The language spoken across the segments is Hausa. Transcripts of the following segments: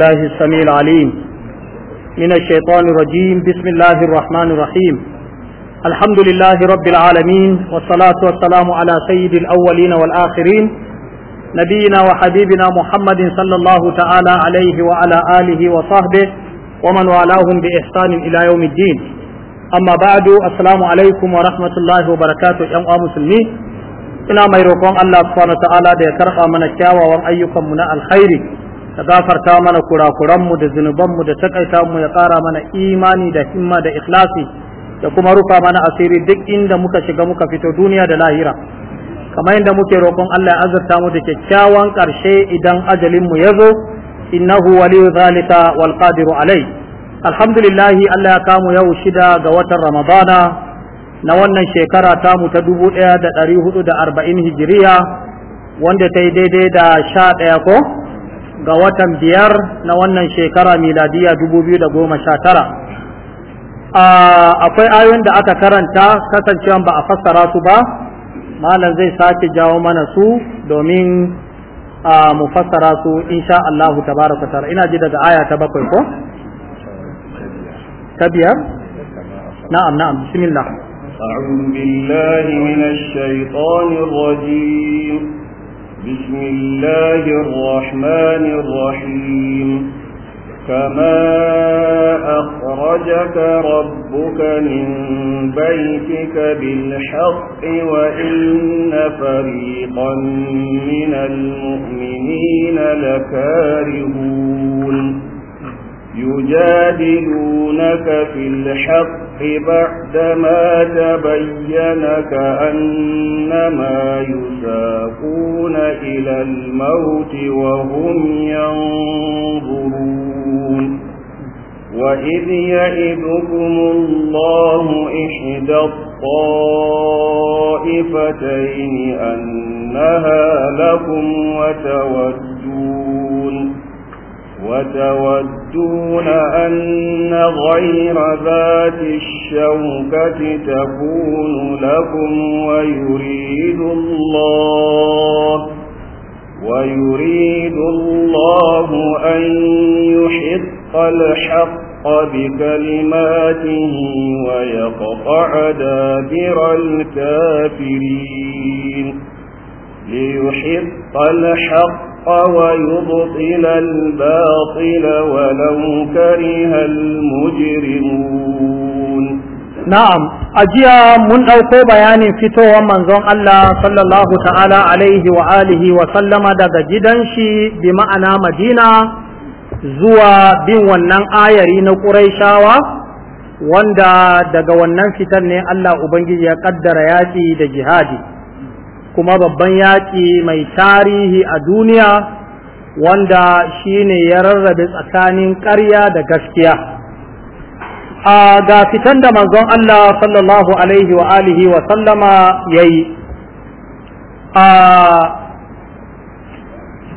الله السميع العليم من الشيطان الرجيم بسم الله الرحمن الرحيم الحمد لله رب العالمين والصلاة والسلام على سيد الأولين والآخرين نبينا وحبيبنا محمد صلى الله تعالى عليه وعلى آله وصحبه ومن والاهم بإحسان إلى يوم الدين أما بعد السلام عليكم ورحمة الله وبركاته يا مسلمين إنا ميروكم الله سبحانه وتعالى wa ta'ala da ya karɓa mana kyawawan ka gafarta mana kurakuranmu da zunubanmu da takaita mu ya ƙara mana imani da himma da ikhlasi da kuma rufa mana asiri duk inda muka shiga muka fito duniya da lahira kamar yadda muke roƙon Allah ya azurta mu da kyakkyawan ƙarshe idan ajalin mu zo, innahu waliyu zalika wal qadiru alai alhamdulillah Allah ya kamu yau shida ga watan ramadana na wannan shekara tamu ta 1440 hijiriya wanda ta yi daidai da sha ɗaya ko ga watan biyar na wannan shekara miladiya tara. akwai ayoyin da aka karanta kasancewa ba a fassara su ba malam zai sake jawo mana su domin mu fassara su insha Allahu tabaraka ta'ala ina ji daga aya ta bakwai ko ta biyar na'am na'am bismillah أعوذ بالله من الشيطان الرجيم بسم الله الرحمن الرحيم كما أخرجك ربك من بيتك بالحق وإن فريقا من المؤمنين لكارهون يجادلونك في الحق بعدما تبين كأنما يساقون إلى الموت وهم ينظرون وإذ يئذكم الله إحدى الطائفتين أنها لكم وتودون وتودون أن غير ذات الشوكة تكون لكم ويريد الله ويريد الله أن يحق الحق بكلماته ويقطع دابر الكافرين ليحق الحق الحق ويبطل الباطل ولو كره المجرمون نعم أجيا من أوكو بيان فتوى من زون الله صلى الله تعالى عليه وآله وسلم دد جدنشي بمعنى مدينة زوا بن ونن آيري نقريشاوة wanda daga wannan fitar ne Allah Ubangiji ya kaddara yaƙi da jihadi kuma babban yaƙi mai tarihi a duniya wanda shine ya rarrabe tsakanin ƙarya da gaskiya a ga fitan da manzon Allah sallallahu alaihi wa alihi wa sallama yayi a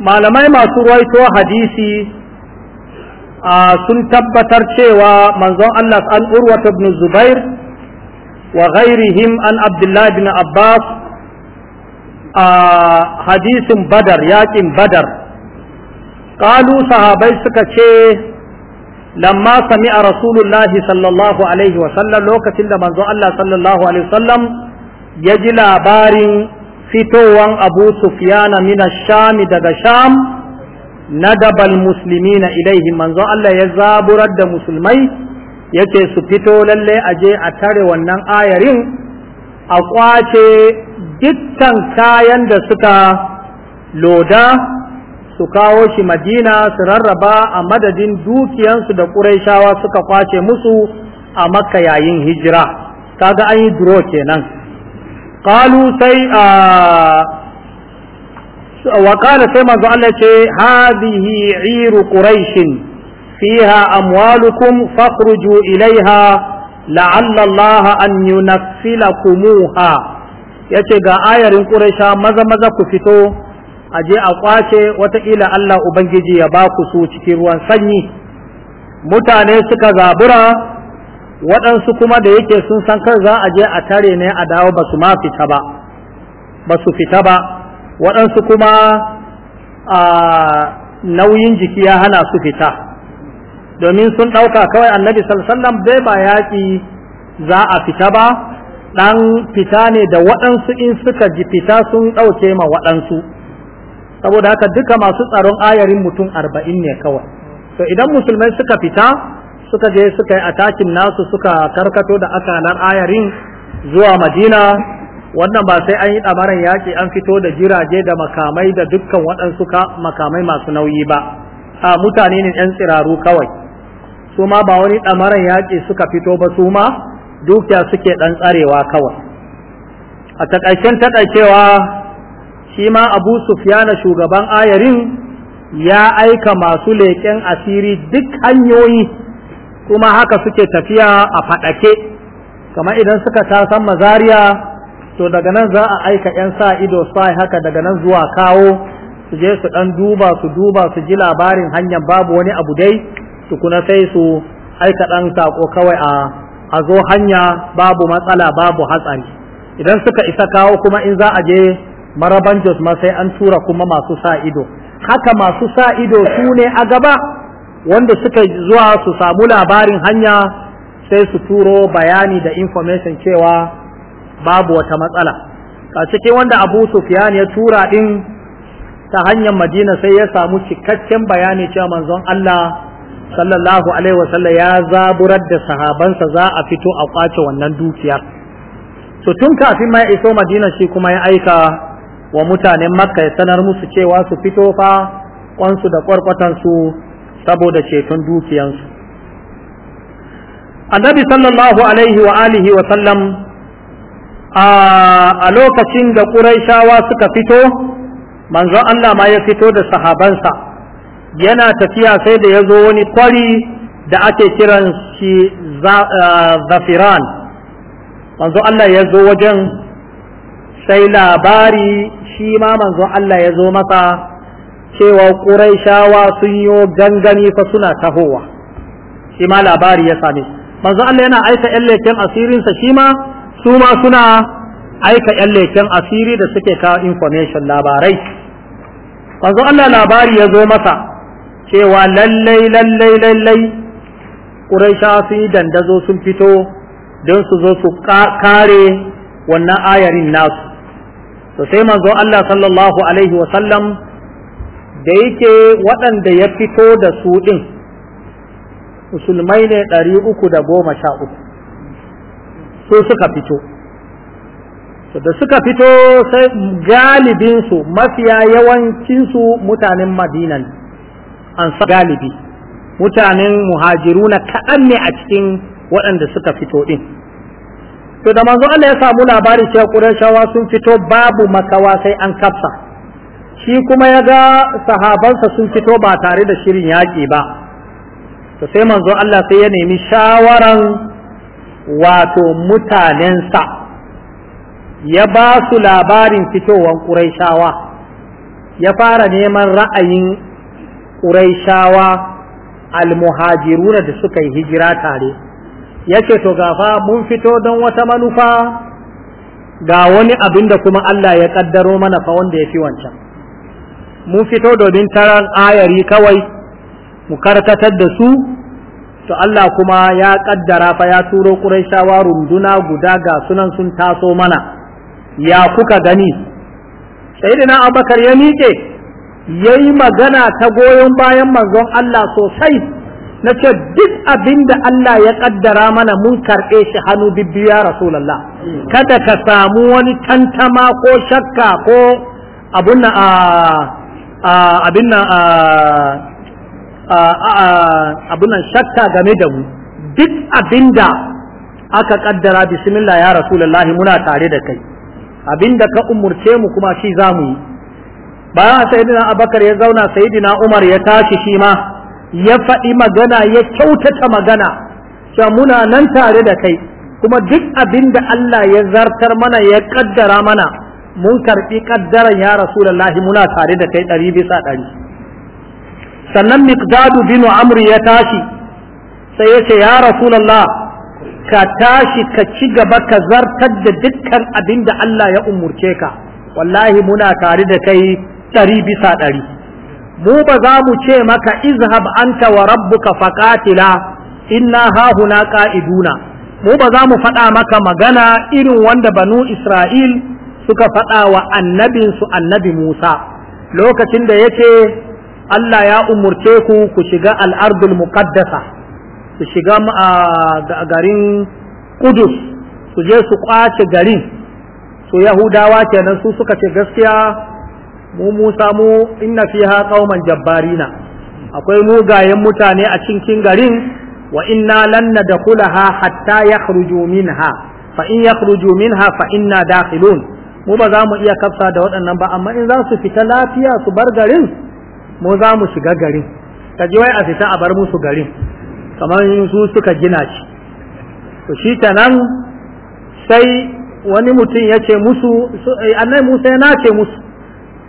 malamai masu ruwaito hadisi sun tabbatar cewa manzon Allah an urwata ibn Zubair wa ghairihim an Abdullah bin Abbas a hadisin badar yakin badar ƙalu sahabai suka ce lamma sami'a rasulullahi sallallahu alaihi wasallam lokacin da manzo Allah sallallahu alaihi wasallam ya ji labarin fitowan abu sufyana mina shami daga sham na dabal nadabal muslimina ilaihi manzo Allah ya zaburar da musulmai yake su fito lalle aje a tare wannan ayarin a kwace dukkan kayan da suka loda su kawo shi madina su rarraba a madadin dukiyansu da ƙuraishawa suka kwace musu a makka yayin hijira ga an yi duro kenan Ƙalu sai a wa sai manzo Allah ce hadhihi iru quraishin fiha amwalukum fakhruju ilaiha la'alla Allah an yunaffilakumuha ya ce ga ayarin ƙuraisha maza maza ku fito a je a kwace wataƙila Allah Ubangiji ya ba ku su cikin ruwan sanyi mutane suka zabura waɗansu kuma da yake sun san kar za a je a tare ne a dawo ba su ma fita ba ba su fita ba waɗansu kuma a nauyin jiki ya hana su fita domin sun ɗauka kawai annabi sallallahu alaihi wasallam bai ba yaƙi za a fita ba ɗan fita ne da waɗansu in suka ji fita sun ɗauke ma waɗansu saboda haka duka masu tsaron ayarin mutum arba'in ne kawai to idan musulmai suka fita suka je suka yi atakin nasu suka karkato da akalar ayarin zuwa madina wannan ba sai an yi ɗamaran yaƙi an fito da jirage da makamai da dukkan waɗansu makamai masu nauyi ba a mutane ne 'yan tsiraru kawai su ma ba wani ɗamaran yaƙi suka fito ba su ma dukiya suke ɗan tsarewa kawai a taƙaicen taƙaicewa shi ma abu sufyana shugaban ayarin ya aika masu leƙen asiri duk hanyoyi kuma haka suke tafiya a faɗake kamar idan suka tasan mazariya to daga nan za a aika 'yan sa ido sai haka daga nan zuwa kawo su je su ɗan duba su duba su ji labarin hanyar babu wani abu dai tukuna sai su aika ɗan saƙo kawai a a zo hanya babu matsala babu hatsari idan suka isa kawo kuma in za a je maraban jos ma sai an tura kuma masu sa ido haka masu sa ido su ne a gaba wanda suka zuwa su samu labarin hanya sai su turo bayani da information cewa babu wata matsala a cikin wanda abu sufyan ya tura din ta hanyar madina sai ya samu cikakken bayani cewa manzon Allah sallallahu alaihi wasallam ya zaburar da sahabansa za a fito a kwace wannan dukiya to tun kafin ma iso madina shi kuma ya aika wa mutanen makka ya sanar musu cewa su fito fa kwansu da kwarkwatansu saboda ceton dukiyansu annabi sallallahu alaihi wa alihi wa sallam a lokacin da ƙuraishawa suka fito manzon Allah ma ya fito da sahabansa yana tafiya sai da ya zo wani kwari da ake kiran shi zafiran manzo Allah ya zo wajen sai labari shi ma manzo Allah ya zo masa cewa ƙuraishawa sun yi gangani fa suna tahowa shi ma labari ya sami. manzo Allah yana aika yan leken asirinsa shi ma su ma suna aika yan leken asiri da suke kawo information labarai manzo Allah labari ya zo masa cewa lallai lallai lallai ƙuraisha sun yi dandazo sun fito don su zo su kare wannan ayarin nasu to sai manzo Allah sallallahu alaihi wasallam da yake waɗanda ya fito da su ɗin musulmai ne ɗari uku da goma sha uku su suka fito so da suka fito sai galibinsu mafiya yawancinsu mutanen madinan ansa galibi mutanen muhajiruna kaɗan ne a cikin waɗanda suka fito ɗin to da manzo Allah ya samu labari cewa Qurayshawa sun fito babu makawa sai an kafsa shi kuma ya ga sahabansa sun fito ba tare da shirin yaƙi ba to sai manzo Allah sai ya nemi shawaran wato mutanensa ya ba su labarin fitowar Qurayshawa ya fara neman ra'ayin ƙuraishawa almuhajiruna da suka yi hijira tare yace to gafa mun fito don wata manufa ga wani abin da kuma Allah ya ƙaddaro mana fa wanda ya fi wancan mun fito domin taron ayari kawai mu karkatar da su to Allah kuma ya ƙaddara fa ya turo ƙuraishawa runduna guda ga sunan sun taso mana ya kuka gani sayyidina abakar ya miƙe yayi magana ta goyon bayan manzon Allah sosai na ce duk abin da Allah ya kaddara mana mun karɓe shi hannu bibbiya ya Rasulallah kada ka samu wani tantama ko shakka ko abin na abin na abin nan shakka game da mu duk abin da aka kaddara bismillah ya Rasulallah muna tare da kai abin da ka umurce mu kuma shi za mu yi bayan sayyidina abakar ya zauna saidina umar ya tashi shi ma ya faɗi magana ya kyautata magana cewa muna nan tare da kai kuma duk abin da Allah ya zartar mana ya kaddara mana mun karɓi kaddaran ya rasulullahi muna tare da kai ɗari bisa ɗari sannan miqdadu bin amri ya tashi sai ya ce ya rasulullah ka tashi ka ci gaba ka zartar da dukkan abin da Allah ya umurce ka wallahi muna tare da kai ɗari bisa ɗari mu ba za mu ce maka izhab anta wa rabbuka faqatila inna hahuna qa'iduna mu ba za mu faɗa maka magana irin wanda banu isra'il suka faɗa wa annabinsu annabi musa lokacin da yake Allah ya umurce ku ku shiga al'ardul muqaddasa ku shiga garin Kudus su je su ƙwace garin su Yahudawa kenan su suka ce gaskiya mu Musa mu inna fiha qauman jabbarina akwai mugayen mutane a cikin garin wa inna lan nadkhulaha hatta yakhruju minha fa in yakhruju minha fa inna dakhilun mu ba za mu iya kafsa da waɗannan ba amma in za su fita lafiya su bar garin mu za mu shiga garin ka ji wai a fita a bar musu garin kamar su suka gina shi to shi ta nan sai wani mutum ya ce musu eh, annai Musa ya nace musu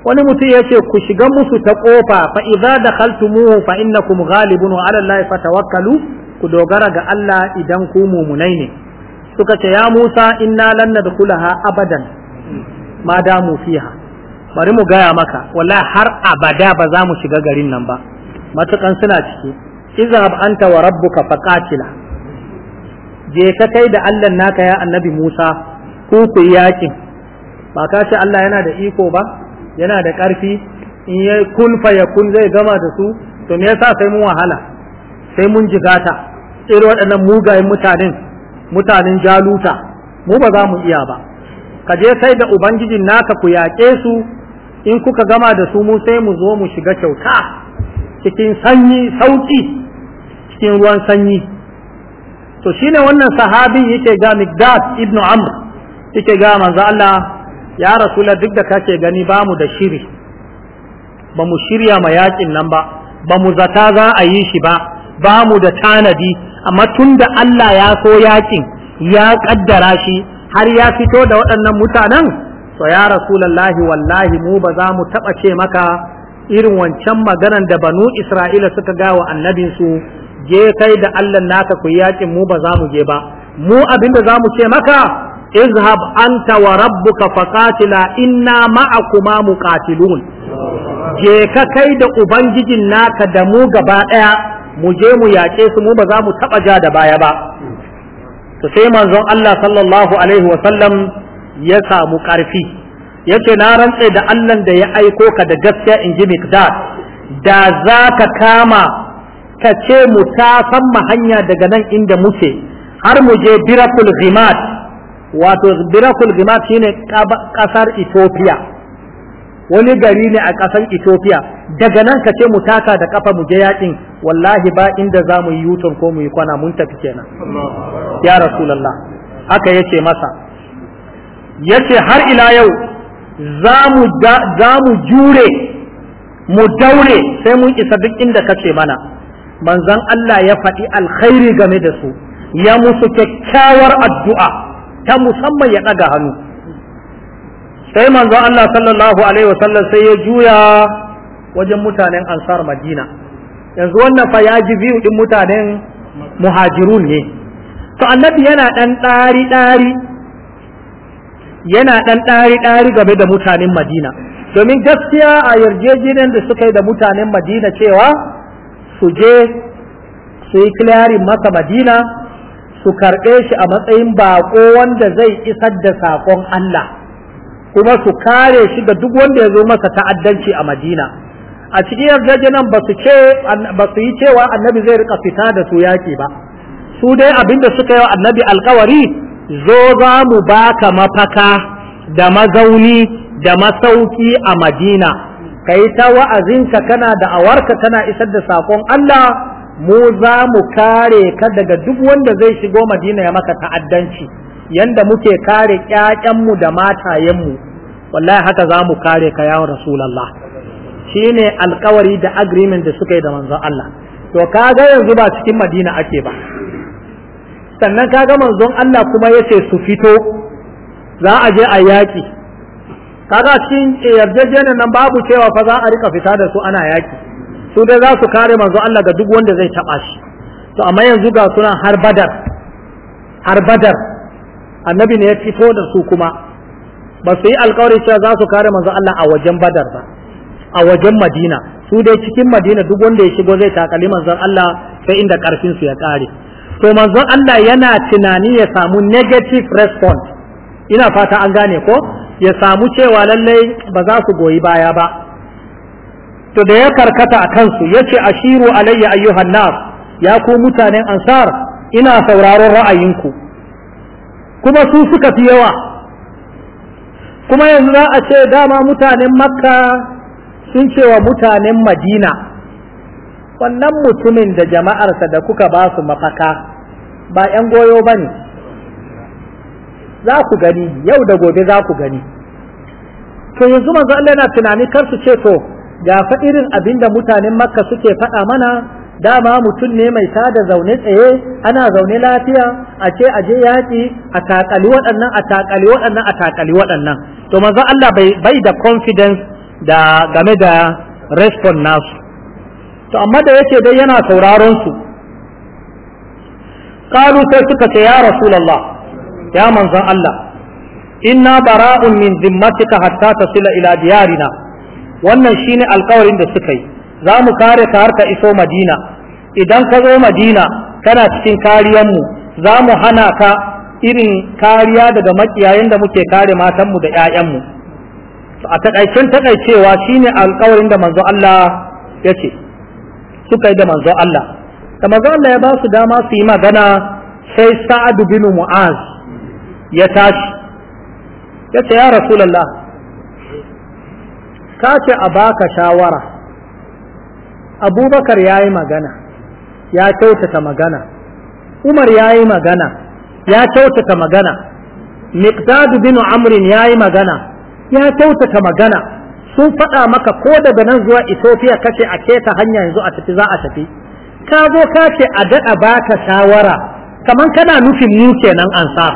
wani mutum ya ce ku shiga musu ta kofa fa idza dakhaltumuhu fa innakum ghalibun wa ala allahi fatawakkalu ku dogara ga Allah idan ku mumunai ne suka ce ya Musa inna lan nadkhulaha abadan ma damu fiha bari mu gaya maka wallahi har abada ba za mu shiga garin nan ba matukan suna ciki izhab anta wa rabbuka faqatila je ka kai da Allah naka ya annabi Musa ku ku yakin ba ka ce Allah yana da iko ba yana da ƙarfi in ya kun fa kun zai gama da su to me yasa sai mun wahala sai mun jigata irin waɗannan mugayen mutanen mutanen jaluta mu ba za mu iya ba ka je sai da ubangijin naka ku yaƙe su in kuka gama da su mu sai mu zo mu shiga kyauta cikin sanyi sauki cikin ruwan sanyi to shine wannan sahabin yake ga migdad ibnu Amr yake ga manzo Allah ya rasula duk da kake gani ba mu da shiri ba mu shirya ma yakin nan ba ba mu zata za a yi shi ba ba mu da tanadi amma tun da Allah ya so yakin ya kaddara shi har ya fito da waɗannan mutanen to ya rasulallahi wallahi mu ba za mu taɓa ce maka irin wancan maganan da banu Isra'ila suka gawa annabinsu je kai da Allah naka ku yakin mu ba za mu je ba mu abinda za mu ce maka izhab anta wa rabbuka faqatila inna ma'akuma muqatilun je ka kai da ubangijin naka da mu gaba daya mu je mu yaƙe su mu ba za mu taba ja da baya ba to sai manzon Allah sallallahu alaihi wa sallam ya samu ƙarfi yace na rantse da Allah da ya aiko ka da gaskiya in ji miqdad da za ka kama ka ce mu ta hanya daga nan inda muke har mu je birakul ghimat wato birakul gimat shine ƙasar Ethiopia wani gari ne a ƙasar Ethiopia daga nan ka ce mu taka da ƙafa mu je yakin wallahi ba inda za mu yi yuton ko mu yi kwana mun tafi kenan ya rasulullah haka yace masa yace har ila yau za mu jure mu daure sai mun isa duk inda kace mana manzon Allah ya faɗi alkhairi game da su ya musu kyakkyawar addu'a ta musamman ya ɗaga hannu sai manzo Allah sallallahu alaihi wasallam sai ya juya wajen mutanen ansar madina yanzu wannan fa ya ji biyu din mutanen muhajirun ne to annabi yana ɗan ɗari ɗari yana ɗan ɗari ɗari game da mutanen madina domin gaskiya a yarjejeniyar da suka yi da mutanen madina cewa su je su yi kilarin masa madina su karɓe shi a matsayin baƙo wanda zai isar da saƙon Allah kuma su kare shi ga duk wanda ya zo masa ta'addanci a Madina a cikin yarjejenan nan ba su yi cewa annabi zai rika fita da su yaƙi ba su dai abinda suka yi wa annabi alkawari zo za mu baka mafaka da mazauni da masauki a Madina yi ta wa'azinka kana da awarka kana isar da saƙon Allah mu za mu kare ka daga duk wanda zai shigo madina ya maka ta'addanci yanda muke kare ƴaƴanmu da matayenmu wallahi haka za mu kare ka ya rasulullah shine alkawari da agreement da suka yi da manzon Allah to kaga yanzu ba cikin madina ake ba sannan kaga manzon Allah kuma yace su fito za a je a yaki. kaga cikin yarjejeniyar nan babu cewa fa za a rika fita da su ana yaki. su dai za su kare manzo Allah ga duk wanda zai taɓa shi to amma yanzu ga suna har badar har badar annabi ne ya fito da su kuma ba su yi alkawari cewa za su kare manzo Allah a wajen badar ba a wajen madina su dai cikin madina duk wanda ya shigo zai takali manzon Allah sai inda karfin su ya kare to manzo Allah yana tunani ya samu negative response ina fata an gane ko ya samu cewa lallai ba za su goyi baya ba to da ya karkata a kansu ya ce ashiru alayya ayyuhan nas ya ku mutanen ansar ina sauraron ra'ayinku kuma su suka fi yawa kuma yanzu za a ce dama mutanen makka sun ce wa mutanen madina wannan mutumin da jama'arsa da kuka ba su mafaka ba 'yan goyo ba ne za ku gani yau da gobe za ku gani to yanzu manzo Allah yana tunani kar su ce to ga irin abinda mutanen makka suke faɗa mana dama mutum ne mai tada zaune tsaye ana zaune lafiya a ce aje yaƙi a takali waɗannan a takali waɗannan a takali waɗannan to manzo Allah bai da confidence da game da response nasu to amma da yake dai yana sauraron su qalu sai suka ce ya rasulullah ya manzon Allah inna bara'un min zimmatika hatta tasila ila diyarina wannan shine alkawarin da suka yi za mu kare ka har ka iso madina idan ka zo madina kana cikin kariyanmu za mu hana ka irin kariya daga makiyayen da muke kare matanmu da 'ya'yanmu a takaicen takaicewa shine alkawarin da manzo Allah ya ce suka yi da manzo Allah da manzo Allah ya ba su dama su yi magana sai sa'adu bin mu'az ya tashi ya ce ya rasulullah ka ce a baka shawara abubakar ya yi magana ya kyautata magana umar ya yi magana ya kyautata magana miqdad bin amrin ya yi magana ya kyautata magana sun faɗa maka ko daga nan zuwa ethiopia kace a keta hanya yanzu a tafi za a tafi ka zo ka ce a daɗa baka shawara kamar kana nufin mu kenan ansa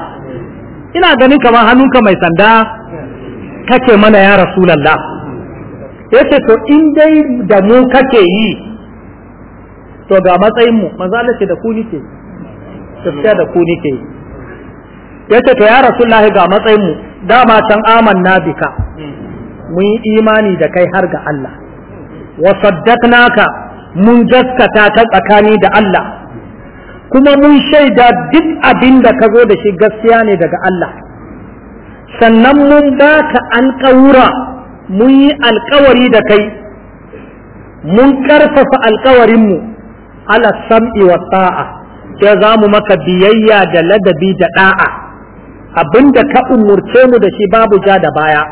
ina ganin kamar hannunka mai sanda kake mana ya rasulallah yace to in dai da mu kake yi to ga matsayin mu manzo ke da ku nike gaskiya da ku nike yace to ya rasu, lahi ga matsayin mu dama can amanna bika mun yi imani da kai har ga Allah wa naka mun gaskata ta tsakani da Allah kuma mun shaida duk abin da ka zo da shi gaskiya ne daga Allah sannan mun baka an ƙaura mun yi alkawari da kai mun karfafa alkawarinmu ala sam'i wa sa'a sai za mu maka biyayya da ladabi da da'a abinda ka umurce mu da shi babu ja da baya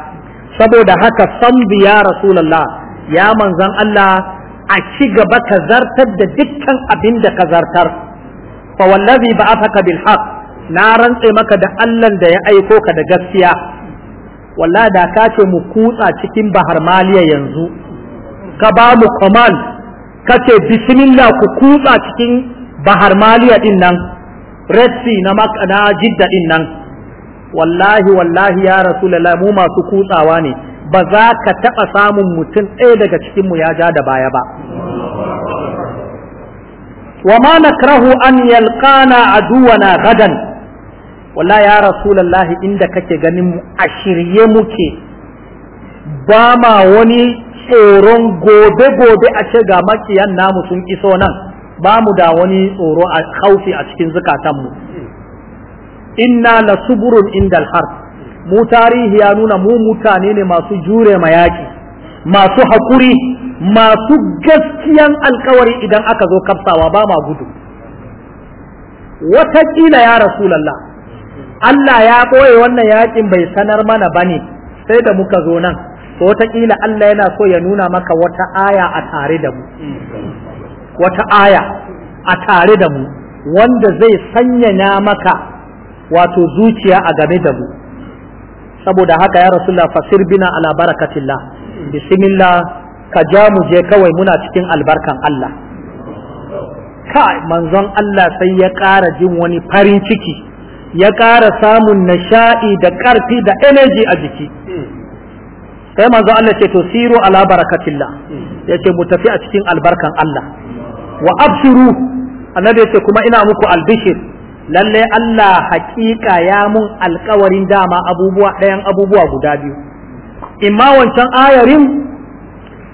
saboda haka sambi ya rasulullah ya manzan Allah a ci gaba ka zartar da dukkan abin da ka zartar fa wallazi ba'athaka bil haqq na rantse maka da Allah da ya aiko ka da gaskiya wallahi da ka ce mu kutsa cikin bahar maliya yanzu ka ba mu command ka ce bismillah ku kutsa cikin bahar maliya din nan red sea na maka na jidda din nan wallahi wallahi ya rasulullah mu masu kutsawa ne ba za ka taɓa samun mutum ɗaya daga cikin mu ya ja da baya ba wa ma nakrahu an yalqana aduwana gadan wallahi ya lallahi inda kake ganin mu a shirye muke ba ma wani tsoron gobe-gobe a ce ga makiyan namu sun iso nan ba mu da wani tsoro a haufi a cikin zukatanmu inna la suburun indal har mu tarihi ya nuna mu mutane ne masu jure ma masu haƙuri masu gaskiyan alkawari idan aka zo kafsawa ba ma gudu wataƙila ya rasulallah Allah ya ɓoye wannan yakin bai sanar mana ba ne. sai da muka zo nan to wataƙila Allah yana so ya nuna maka wata aya a tare da mu wata aya a tare da mu wanda zai sanyaya maka wato zuciya a game da mu saboda haka ya rasulullah fasir bina ala barakatillah bismillah ka ja mu je kawai muna cikin albarkan Allah ka manzon Allah sai ya ƙara jin wani farin ciki ya ƙara samun nishaɗi da ƙarfi da energy a jiki sai manzo Allah ce to siru ala barakatillah yace mu tafi a cikin albarkan Allah wa absuru annabi yace kuma ina muku albishir lalle Allah haƙiƙa ya mun alƙawarin dama abubuwa ɗayan abubuwa guda biyu imma wancan ayarin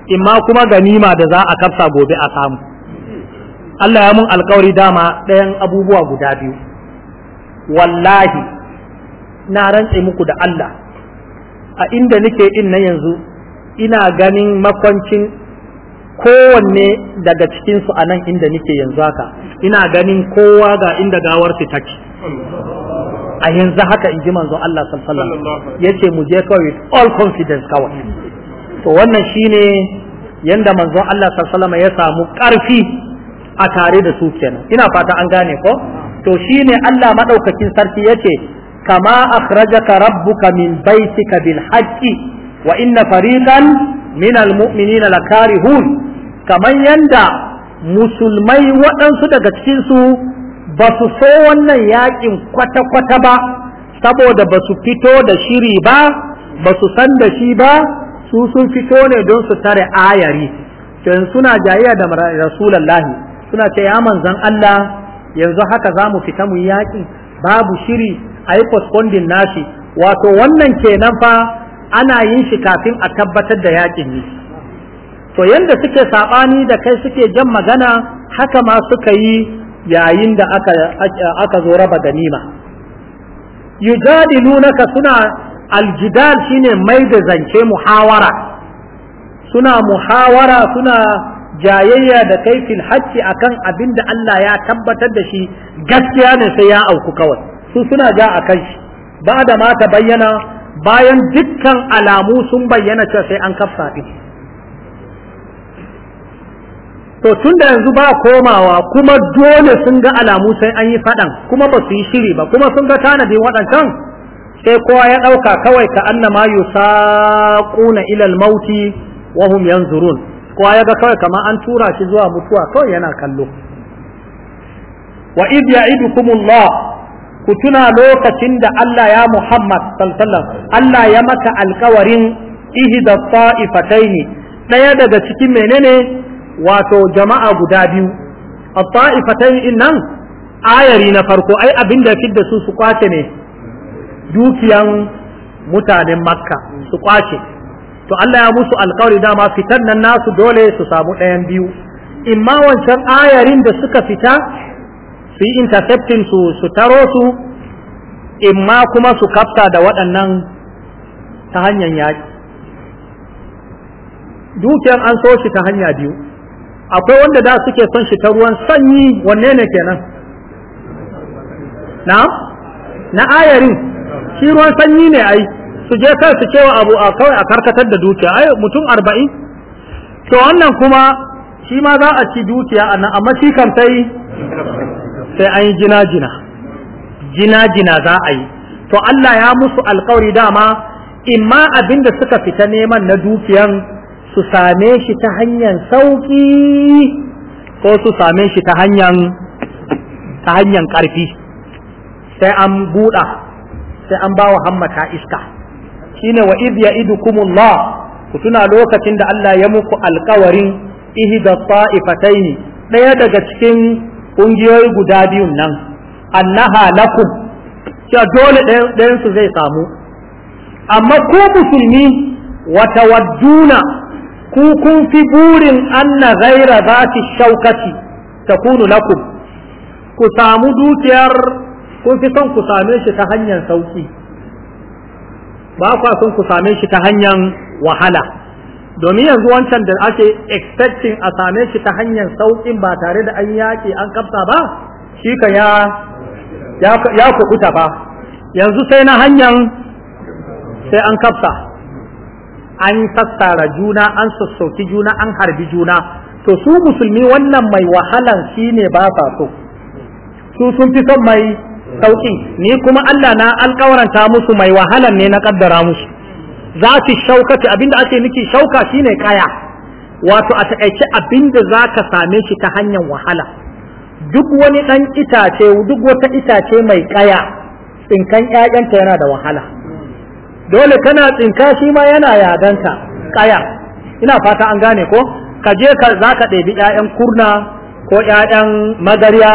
imma kuma ganima da za a kafsa gobe a samu Allah ya mun alƙawari dama ɗayan abubuwa guda biyu wallahi na rantse muku da Allah a inda nake in na yanzu ina ganin makwancin kowanne daga cikinsu a nan inda nake yanzu haka ina ganin kowa ga inda gawar su take a yanzu haka in ji manzon Allah sallallahu alaihi wasallam yace mu je kawai with all confidence kawai to wannan shine yanda manzon Allah sallallahu alaihi wasallam ya samu karfi a tare da su kenan ina fata an gane ko to shine Allah maɗaukakin sarki yace kama akhrajaka rabbuka min baitika bil haqqi wa inna fariqan minal mu'minina lakarihun kaman yanda musulmai waɗansu daga cikin su ba su so wannan yakin kwata-kwata ba saboda ba su fito da shiri ba ba su san da shi ba su sun fito ne don su tare ayari suna jayayya da rasulallahi suna ce ya manzan Allah yanzu haka za mu fita mu yaƙi babu shiri a yi postponding nashi wato wannan kenan fa ana yin shi kafin a tabbatar da yaƙin ne to yanda suke saɓani da kai suke jan magana haka ma suka yi yayin da aka zo raba ganima yujadilunaka suna aljidal shine mai da zance muhawara suna muhawara suna jayayya da kai fil hajji akan abin da Allah ya tabbatar da shi gaskiya ne sai ya auku kawai su suna ja a shi ba da ma ta bayyana bayan dukkan alamu sun bayyana cewa sai an kafsa ɗin to tun da yanzu ba komawa kuma dole sun ga alamu sai an yi faɗan kuma ba su yi shiri ba kuma sun ga tanadin waɗancan sai kowa ya ɗauka kawai ka annama yusaquna ilal mauti wa hum yanzurun kowa ya ga kawai kamar an tura shi zuwa mutuwa kawai yana kallo wa idh ya'idukumullah ku tuna lokacin da Allah ya Muhammad sallallahu alaihi wasallam Allah ya maka alkawarin ihda ta'ifataini daya daga cikin menene wato jama'a guda biyu at-ta'ifataini innan ayari na farko ai abin da fidda su su kwace ne dukiyan mutanen makka su kwace to Allah ya musu alƙawari dama fitar nan nasu dole su samu ɗayan biyu In ma wancan ayarin da suka fita su yi intercepting su su taro su in ma kuma su kafta da waɗannan ta hanyar yaƙi dukiyar an so shi ta hanya biyu akwai wanda da suke son shi ta ruwan sanyi wanne ne kenan na na ayarin shi ruwan sanyi ne ai su je kai su cewa abu a kawai a karkatar da dukiya ai mutum arba'in to wannan kuma shi ma za a ci dukiya a nan amma shi kam sai sai an yi jina-jina jina-jina za a yi to Allah ya musu alkawari dama imma abin da suka fita neman na dukiyan su same shi ta hanyar sauki ko su same shi ta hanyar ta hanyar ƙarfi sai an buɗa sai an bawa hammata iska shine wa idh ya'idukumullah ku tuna lokacin da Allah ya muku alkawarin ihda ta'ifataini daya daga cikin ƙungiyoyi guda biyun nan annaha lakum cewa dole ɗayan su zai samu amma ku musulmi wa tawadduna ku kun fi burin anna ghaira zati shaukati takunu lakum ku samu dukiyar kun fi son ku same shi ta hanyar sauki ba kwa sun ku same shi ta hanyar wahala domin yanzu wancan da ake expecting a same shi ta hanyar saukin ba tare da an yaƙi an kafsa ba shi ka ya ya ba yanzu sai na hanyar sai an kafsa an sassara juna an sassauki juna an harbi juna to su musulmi wannan mai wahalan shi ne ba sa so su sun fi son mai sauki ni kuma Allah na alkawaranta musu mai wahalan ne na kaddara musu za su shaukata abinda ake nufi shauka shine kaya wato a takaice abinda za ka same shi ta hanyar wahala duk wani dan itace duk wata itace mai kaya tsinkan ƴaƴanta yana da wahala dole kana tsinka shi ma yana yadanta kaya ina fata an gane ko ka je ka za ka ɗebi ƴaƴan kurna ko ƴaƴan magarya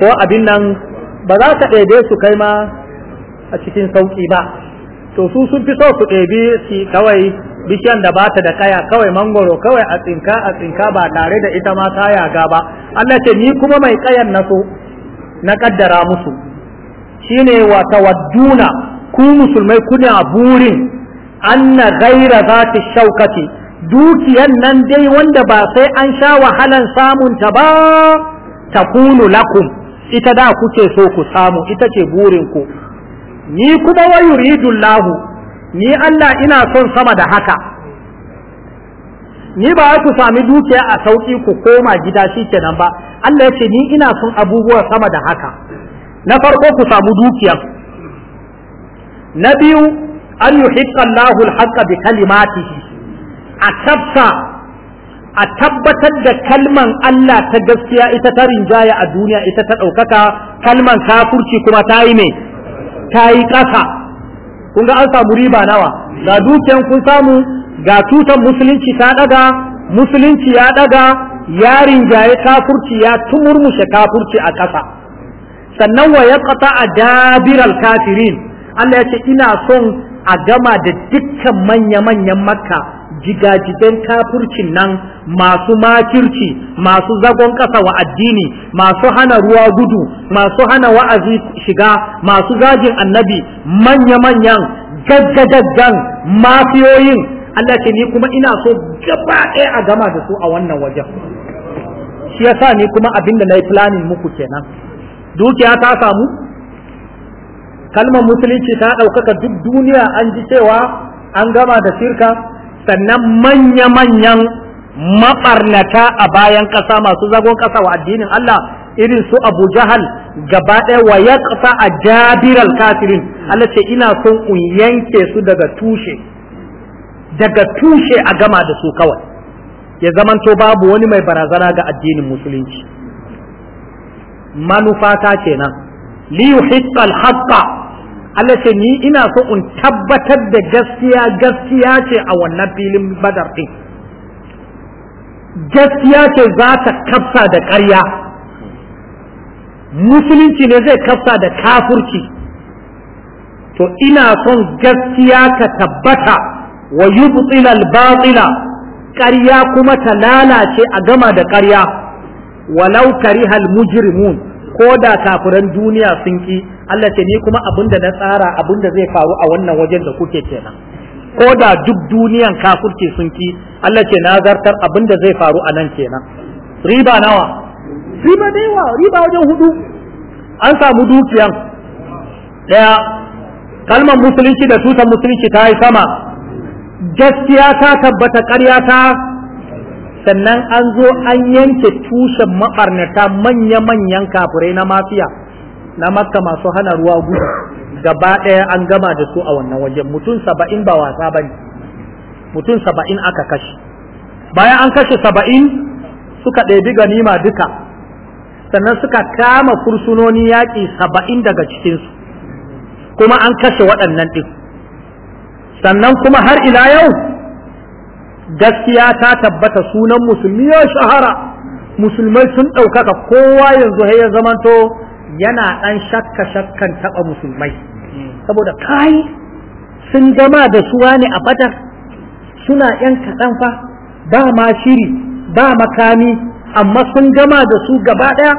ko abin nan ba za ka ɗebe su kai ma a cikin sauƙi ba to su sun fi so su ɗebi kawai bishiyan da bata da kaya kawai mangoro kawai a tsinka a tsinka ba tare da ita ma ta yaga ba Allah ce ni kuma mai kayan na so na kaddara musu shine wa tawadduna ku musulmai a burin anna ghaira zati shaukati dukiyan nan dai wanda ba sai an sha wahalan samun ta ba takunu lakum ita da kuke so ku samu ita ce burinku ni kuma wa yuridullahu ni Allah ina son sama da haka ni ba ku sami dukiya a sauki ku koma gida shikenan ba Allah ya ni ina son abubuwa sama da haka na farko ku samu dukiya na biyu an yuhiqqa Allahu al-haqqa bi kalimatihi a tafsa a tabbatar da kalman Allah ta gaskiya ita ta rinjaya a duniya ita ta ɗaukaka kalman kafurci kuma ta yi ta yi ƙasa kun ga an samu riba nawa ga dukiyan kun samu ga tutan musulunci ta ɗaga musulunci ya ɗaga ya rinjaye kafurci ya tumurmushe kafurci a ƙasa sannan wa ya a dabiral kafirin Allah ya ce ina son a gama da dukkan manya-manyan makka Jigajiden kafurcin nan masu makirci masu zagon ƙasa wa addini masu hana ruwa gudu masu hana wa'azi shiga masu zagin annabi manya-manyan gaggagaggan mafiyoyin Allah ce ni kuma ina so gaba ɗaya a gama da su a wannan wajen shi ya sa ni kuma abinda na yi planning muku kenan dukiya ta samu kalmar musulunci ta ɗaukaka duk duniya an ji cewa an gama da shirka sannan manya-manyan maɓarnata a bayan ƙasa masu zagon ƙasa wa addinin Allah irin su Abu Jahal gaba ɗaya wa ya ƙasa a jabiral kafirin Allah ce ina son in yanke su daga tushe daga tushe a gama da su kawai ya zamanto babu wani mai barazana ga addinin musulunci manufata kenan li yuhiqqa al-haqqa Allah ce ni ina so in tabbatar da gaskiya gaskiya ce a wannan filin badar ɗin gaskiya ce za ta kafsa da ƙarya musulunci ne zai kafsa da kafurci to ina son gaskiya ta tabbata wa yubtila al-batila ƙarya kuma ta lalace a gama da ƙarya walau karihal mujrimun ko da kafiran duniya sun ki Allah ce ni kuma abin da na tsara abin da zai faru a wannan wajen da kuke kenan ko da duk duniyan kafirce sun ki Allah ce na zartar abin da zai faru a nan kenan riba nawa riba da yawa riba wajen hudu an samu dukiyan daya kalmar musulunci da tutar musulunci ta yi sama gaskiya ta tabbata ƙarya ta sannan an zo an yanke tushen maɓarnata manya-manyan kafirai na mafiya na makka masu hana ruwa gudu gaba ɗaya an gama da su a wannan wajen mutum saba'in ba wasa ba ne mutum saba'in aka kashe bayan an kashe saba'in suka ɗebi ganima duka sannan suka kama kursunoni yaƙi saba'in daga cikinsu kuma an kashe waɗannan ɗin sannan kuma har ila yau gaskiya ta tabbata sunan musulmi ya shahara musulmai sun ɗaukaka kowa yanzu ya zamanto yana ɗan shakka shakkan taɓa musulmai saboda kai sun gama da su wani a badar suna ‘yan kaɗan fa ba ma shiri ba makami amma sun gama da su gaba ɗaya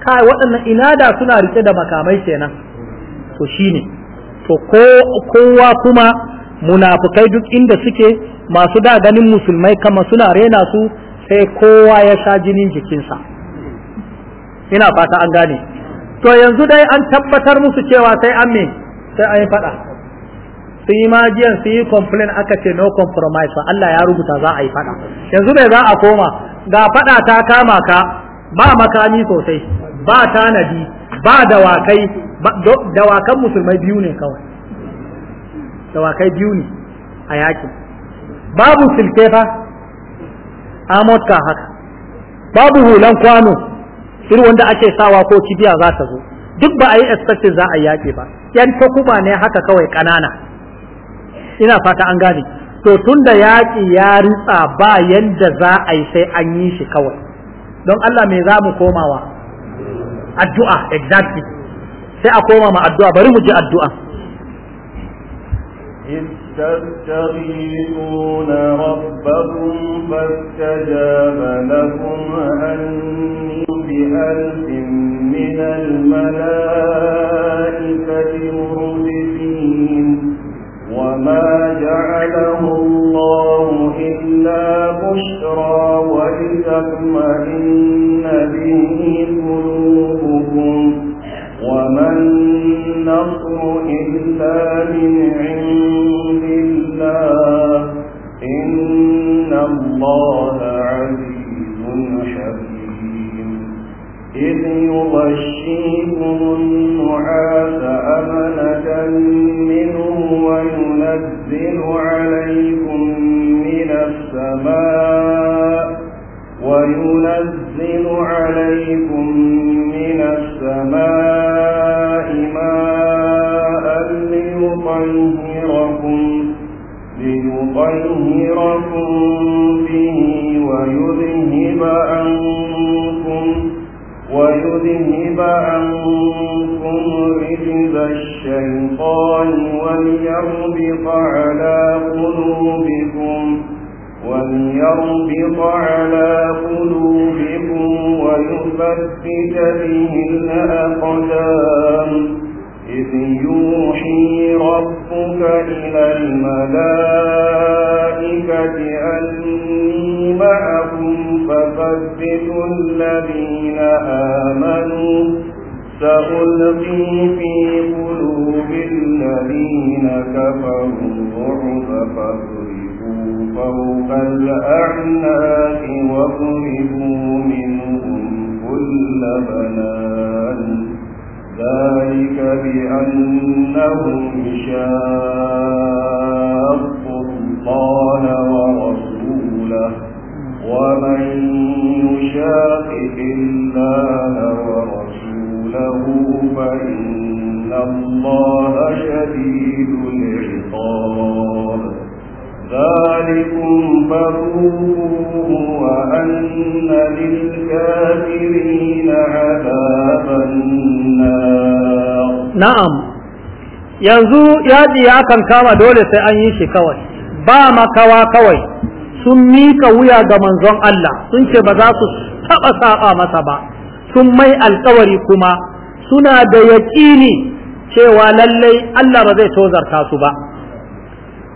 kai waɗannan ina da suna rike da makamai kenan to shine to kowa kuma munafukai duk inda suke masu da ganin musulmai kama suna rena su sai kowa ya sha jinin jikinsa ina fata an gane to yanzu dai an tabbatar musu cewa sai an me sai an yi faɗa su yi majiyar su yi complain aka ce no compromise Allah ya rubuta za a yi faɗa yanzu mai za a koma ga faɗa ta kama ka ba makami sosai ba tanadi ba dawakai dawakan musulmai biyu ne kawai dawakai biyu ne a yakin babu silkefa amot ka haka babu hulan kwano irin wanda ake sawa ko kibiya za ta zo duk ba a yi expectin za a yaki ba yan takuba ne haka kawai ƙanana ina fata an gane to tun da yaƙi ya ritsa ba yanda za a yi sai an yi shi kawai don Allah mai za mu komawa addu'a exactly sai a koma ma addu'a bari mu ji addu'a إذ تستغيثون ربكم فاستجاب لكم أني بألف من الملائكة مردفين وما جعله الله إلا بشرى ولتطمئن به قلوبكم وما النصر إلا من عند الله إن الله حكيم إذ يغشيكم النعاس أمنة منه وينزل عليكم من السماء وينزل عليكم من السماء ليطهركم ليطهركم به ويذهب عنكم ويذهب عنكم رجز الشيطان وليربط على قلوبكم وليربط على قلوبكم ويثبت به الأقدام إذ يوحي ربك إلى الملائكة أني معكم فثبتوا الذين آمنوا سألقي في قلوب الذين كفروا الرعب فاضربوا فوق الأعناق واضربوا منهم كل بنان ذلك بأنهم شاقوا الله ورسوله ومن يشاقق الله ورسوله فإن الله شديد العقاب ذلكم فروه وأن للكافرين عذاب النار نعم yanzu yaji ya kan kama dole sai an yi shi kawai ba makawa kawai sun mika wuya ga manzon Allah sun ce ba za su taɓa saɓa masa ba sun mai alkawari kuma suna da yaƙini cewa lallai Allah ba zai tozarta su ba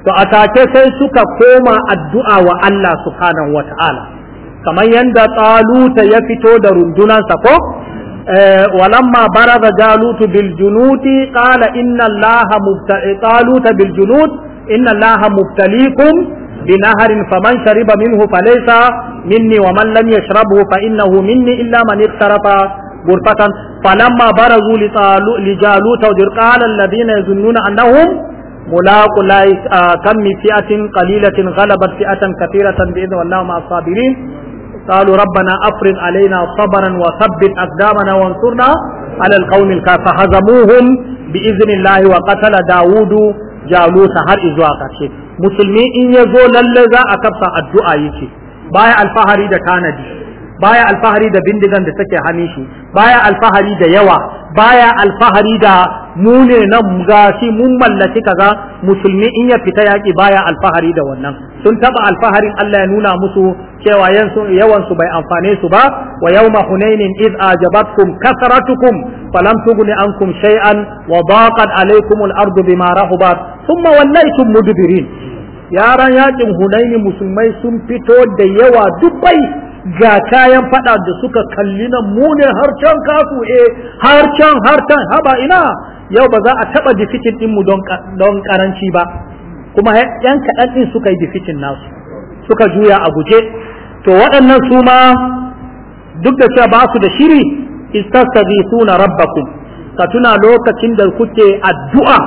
to a take sai suka koma addu'a wa Allah subhanahu wa ta'ala kamar yadda taluta ya fito da rundunansa ko eh, walamma baraza jalutu bil junuti qala inna allaha mubta'i eh, taluta bil inna allaha mubtalikum bi naharin faman shariba minhu falaysa minni wa man lam yashrabhu fa innahu minni illa غرفة فلما برزوا لجالوت قال الذين يظنون أنهم ملاق لا كم فئة قليلة غلبت فئة كثيرة بإذن الله مع الصابرين قالوا ربنا أفرض علينا صبرا وثبت أقدامنا وانصرنا على القوم الكافر فهزموهم بإذن الله وقتل داود جالوت هر إزواقا مسلمين إن يزول للذا أكبس الدعاء يكي بايع الفهري دا كان دي baya alfahari da bindigan da take hannun shi baya alfahari da yawa baya alfahari da mu ne nan shi mun mallaki kaza musulmi in ya fita yaki baya alfahari da wannan sun taba alfaharin Allah ya nuna musu cewa yawan su bai amfane su ba wa yawma hunainin iz ajabatkum kasratukum falam tughni ankum shay'an wa daqat alaykum al-ardu bima rahabat thumma wallaytum mudbirin yaran yakin hunaini musulmai sun fito da yawa dubai ga kayan fada da suka kalli nan mune har can kasu eh har can har can haba ina yau ba za a taba dificin ɗinmu don karanci ba kuma yan kaɗan din suka yi dificin nasu suka juya a guje to waɗannan su ma duk da cewa ba su da shiri suna rabbakum ka tuna lokacin da kuke addu'a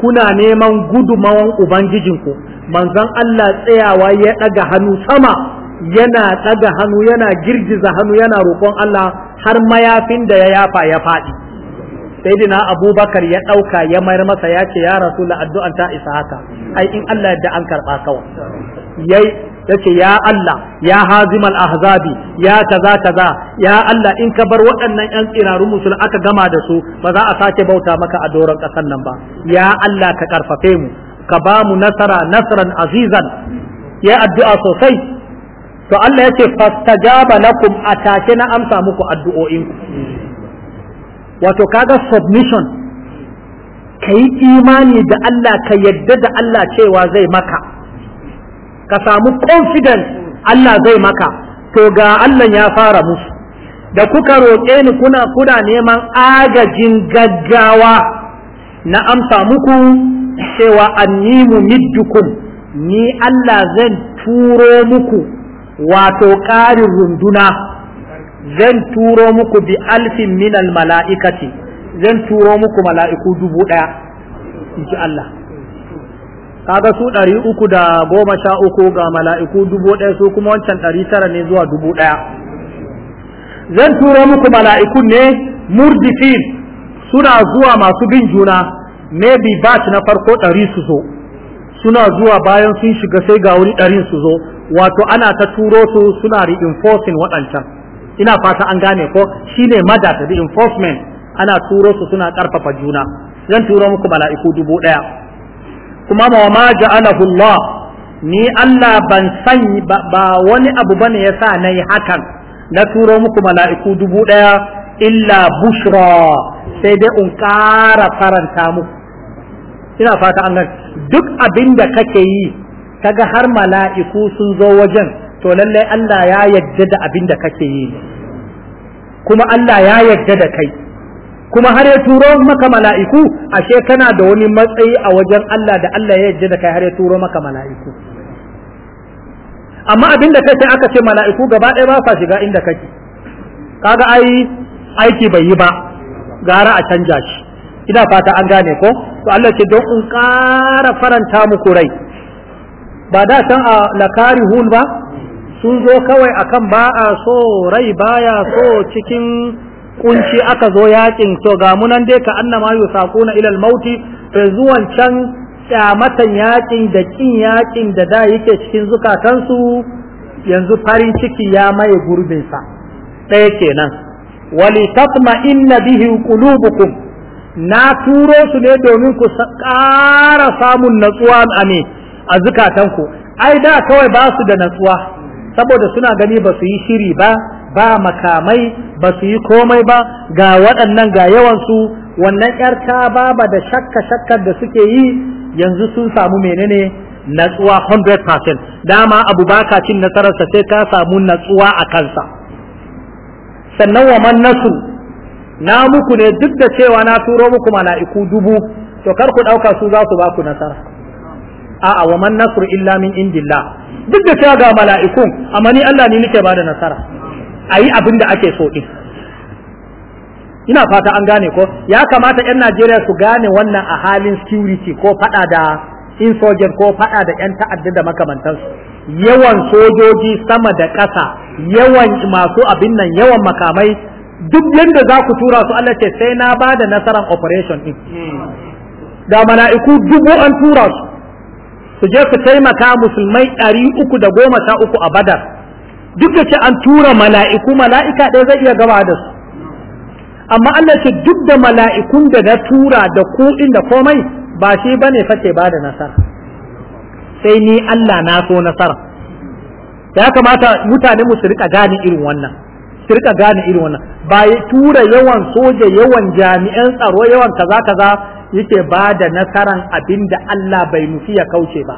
kuna neman gudumawan ubangijinku manzon Allah tsayawa ya ɗaga hannu sama yana ɗaga hannu yana girgiza hannu yana roƙon Allah har mayafin da ya yafa ya faɗi sayyidina abubakar ya ɗauka ya mayar masa ya ce ya rasu la addu'an ta isa haka ai in Allah yadda an karɓa kawai Ya ce ya Allah ya hazimal ahzabi ya kaza kaza ya Allah in ka bar waɗannan ƴan tsirarun musul aka gama da su ba za a sake bauta maka a doron ƙasar nan ba ya Allah ka karfafe mu ka ba mu nasara nasran azizan ya addu'a sosai to Allah ya ce fastajaba lakum atake na amsa muku addu'o'in wato kaga submission kai imani da Allah ka yadda da Allah cewa zai maka ka samu confidence Allah zai maka to ga Allah ya fara musu da kuka roƙe ni kuna kuna neman agajin gaggawa na amsa muku cewa annimu middukum ni Allah zan turo muku wato ƙarin runduna zan turo muku bi alfin minal mala'ikati zan turo muku mala'iku dubu ɗaya in Allah kaga su ɗari uku da goma sha uku ga mala'iku dubu ɗaya su kuma wancan ɗari tara ne zuwa dubu ɗaya zan turo muku mala'ikun ne murdifin suna zuwa masu bin juna maybe batch na farko ɗari su zo suna zuwa bayan sun shiga sai ga wuri ɗarin su zo wato ana ta turo su suna reinforcing waɗancan ina fata an gane ko shine ta reinforcement ana turo su suna ƙarfafa juna zan turo muku mala'iku dubu ɗaya kuma ma ma ja'alahu Allah ni Allah ban san ba wani abu bane yasa nayi hakan na turo muku mala'iku dubu ɗaya illa bushra sai dai in ƙara faranta muku ina fata an gane duk abinda kake yi kaga har mala'iku sun zo wajen to lallai Allah ya yadda da abin da kake yi kuma Allah ya yadda da kai kuma har ya turo maka mala'iku ashe kana da wani matsayi a wajen Allah da Allah ya yadda da kai har ya turo maka mala'iku amma abin da kake aka ce mala'iku gaba ɗaya ba sa shiga inda kake kaga ai aiki bai yi ba gara a canja shi ina fata an gane ko to Allah ce don in ƙara faranta muku rai ba da san a hul ba sun zo kawai akan ba a so rai baya so cikin kunci aka zo yakin to ga munan dai ka annama yusaquna ilal mauti fa zuwan can kyamatan yakin da kin yakin da da yake cikin zukatansu yanzu farin ciki ya maye sa. ɗaya kenan wali tatma inna bihi qulubukum na turo su ne domin ku ƙara samun natsuwa amin. a zukatanku ai da kawai ba su da natsuwa saboda suna gani ba su yi shiri ba ba makamai ba su yi komai ba ga waɗannan ga yawansu wannan yar ta baba da shakka shakkar da suke yi yanzu sun samu menene natsuwa 100% dama abu baka cin nasararsa sai ka samu natsuwa a kansa sannan wa man nasu na muku ne duk da cewa na turo muku mala'iku dubu to kar ku ɗauka su za su ba ku nasara a'a wa man nasru illa min indillah duk da cewa ga mala'ikun amma ni Allah ne nake bada nasara ayi abin da ake so din ina fata an gane ko ya kamata yan Najeriya su gane wannan a halin security ko fada da insurgent ko fada da yan ta'adda da makamantansu yawan sojoji sama da ƙasa yawan masu abin nan yawan makamai duk yadda za ku tura su Allah ce sai na bada nasarar operation din da hmm. mala'iku dubu an tura su su je su taimaka musulmai ɗari uku da goma sha uku a badar duk da ce an tura mala'iku mala'ika ɗaya zai iya gaba da su amma Allah ce duk da mala'ikun da na tura da kuɗin da komai ba shi ba ne face ba da nasara sai ni Allah na so nasara ya kamata mutane mu su rika gane irin wannan su rika gane irin wannan ba ya tura yawan soja yawan jami'an tsaro yawan kaza kaza yake ba da nasaran abin da Allah bai nufi ya kauce ba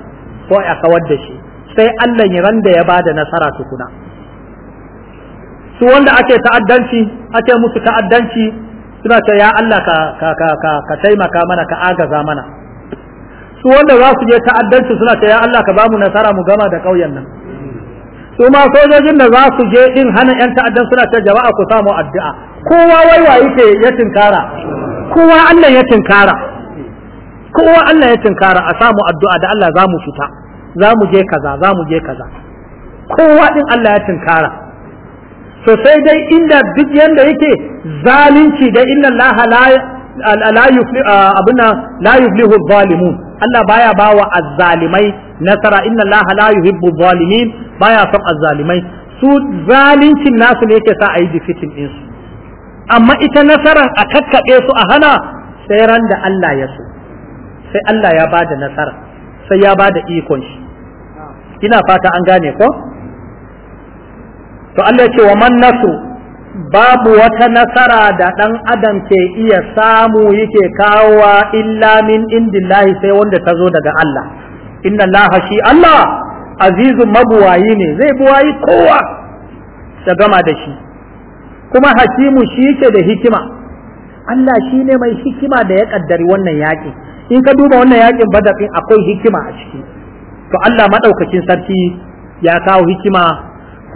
ko ya kawar da shi sai Allah ya randa ya ba da nasara tukuna su wanda ake ta'addanci ake musu ta'addanci suna ce ya Allah ka ka ka ka ka taimaka mana ka agaza mana su wanda za su je ta'addanci suna ce ya Allah ka ba mu nasara mu gama da ƙauyen nan su ma sojojin da za su je din hana yan ta'addan suna ce jama'a ku samu addu'a kowa waiwaye yake ya tinkara kowa Allah ya tinkara kowa Allah ya tinkara a samu addu'a da Allah za mu fita za mu je kaza za mu je kaza kowa din Allah ya tinkara so sai dai inda duk yanda yake zalunci da inna Allah la abuna la yuflihu zalimun Allah baya bawa azzalimai nasara inna Allah la yuhibbu zalimin baya son azzalimai su zalincin nasu ne yake sa a yi difitin ɗinsu amma ita nasarar a kakkaɓe su a hana sai ran da Allah ya so sai Allah ya bada nasara sai ya bada ikon shi ina fata an gane ko to Allah ya ce wa man nasu babu wata nasara da ɗan adam ke iya samu yake kawowa illa min indillahi sai wanda ta zo daga Allah inna Allah shi Allah azizun mabuwayi ne zai buwayi kowa ta gama da shi kuma hakimu shi yake da hikima Allah shi ne mai hikima da ya kaddari wannan yaƙi in ka duba wannan yaƙin badar din akwai hikima a ciki to Allah madaukakin sarki ya kawo hikima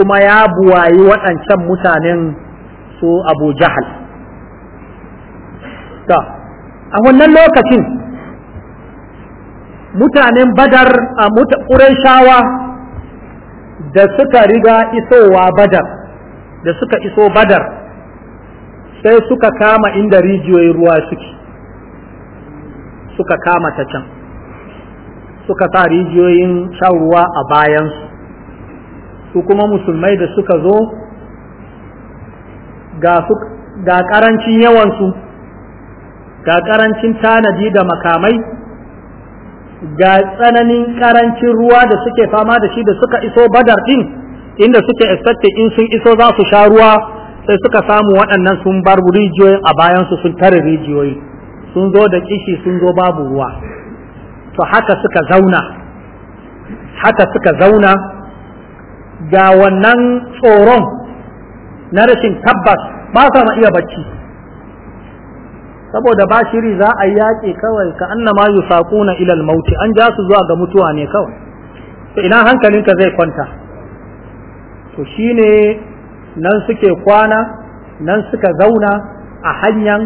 kuma ya buwayi waɗancan mutanen su Abu Jahal to a wannan lokacin mutanen badar a muta da suka riga isowa badar da suka iso badar sai suka kama inda rijiyoyin ruwa suke suka kama ta can suka sa rijiyoyin shan ruwa a bayan su kuma musulmai da suka zo ga karancin yawansu ga karancin tanadi da makamai ga tsananin karancin ruwa da suke fama da shi da suka iso badar ɗin inda suke expecting in sun iso za su sha ruwa sai suka samu waɗannan sun bar rijiyoyin a bayansu sun tare rijiyoyi sun zo da kishi sun zo babu ruwa to haka suka zauna haka suka zauna ga wannan tsoron na rashin tabbas ba sa ma iya bacci saboda ba shiri za a yaƙi kawai ka annama yusaquna ilal mauti an ja su zuwa ga mutuwa ne kawai to ina hankalinka zai kwanta to shi ne nan suke kwana nan suka zauna a hanyar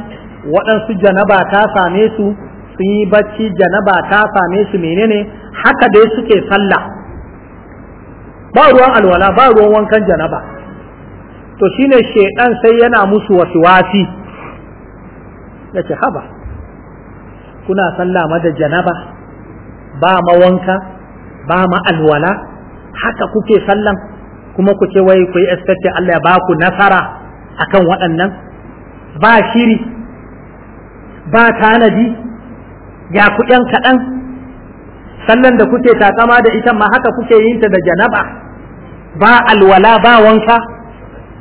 waɗansu janaba ta same su sun yi bacci janaba ta same su menene haka dai suke salla? ba ruwan alwala ba ruwan wankan janaba to shi ne shaidan sai yana musu wasi ya ce haba kuna salla mada janaba ba mawanka ba ma alwala haka kuke sallan kuma ku ce wai ku yi expect Allah ya baku nasara akan waɗannan ba shiri ba tanadi ya ku ɗan kaɗan sallan da kuke takama da ita ma haka kuke yin ta da janaba ba alwala ba wanka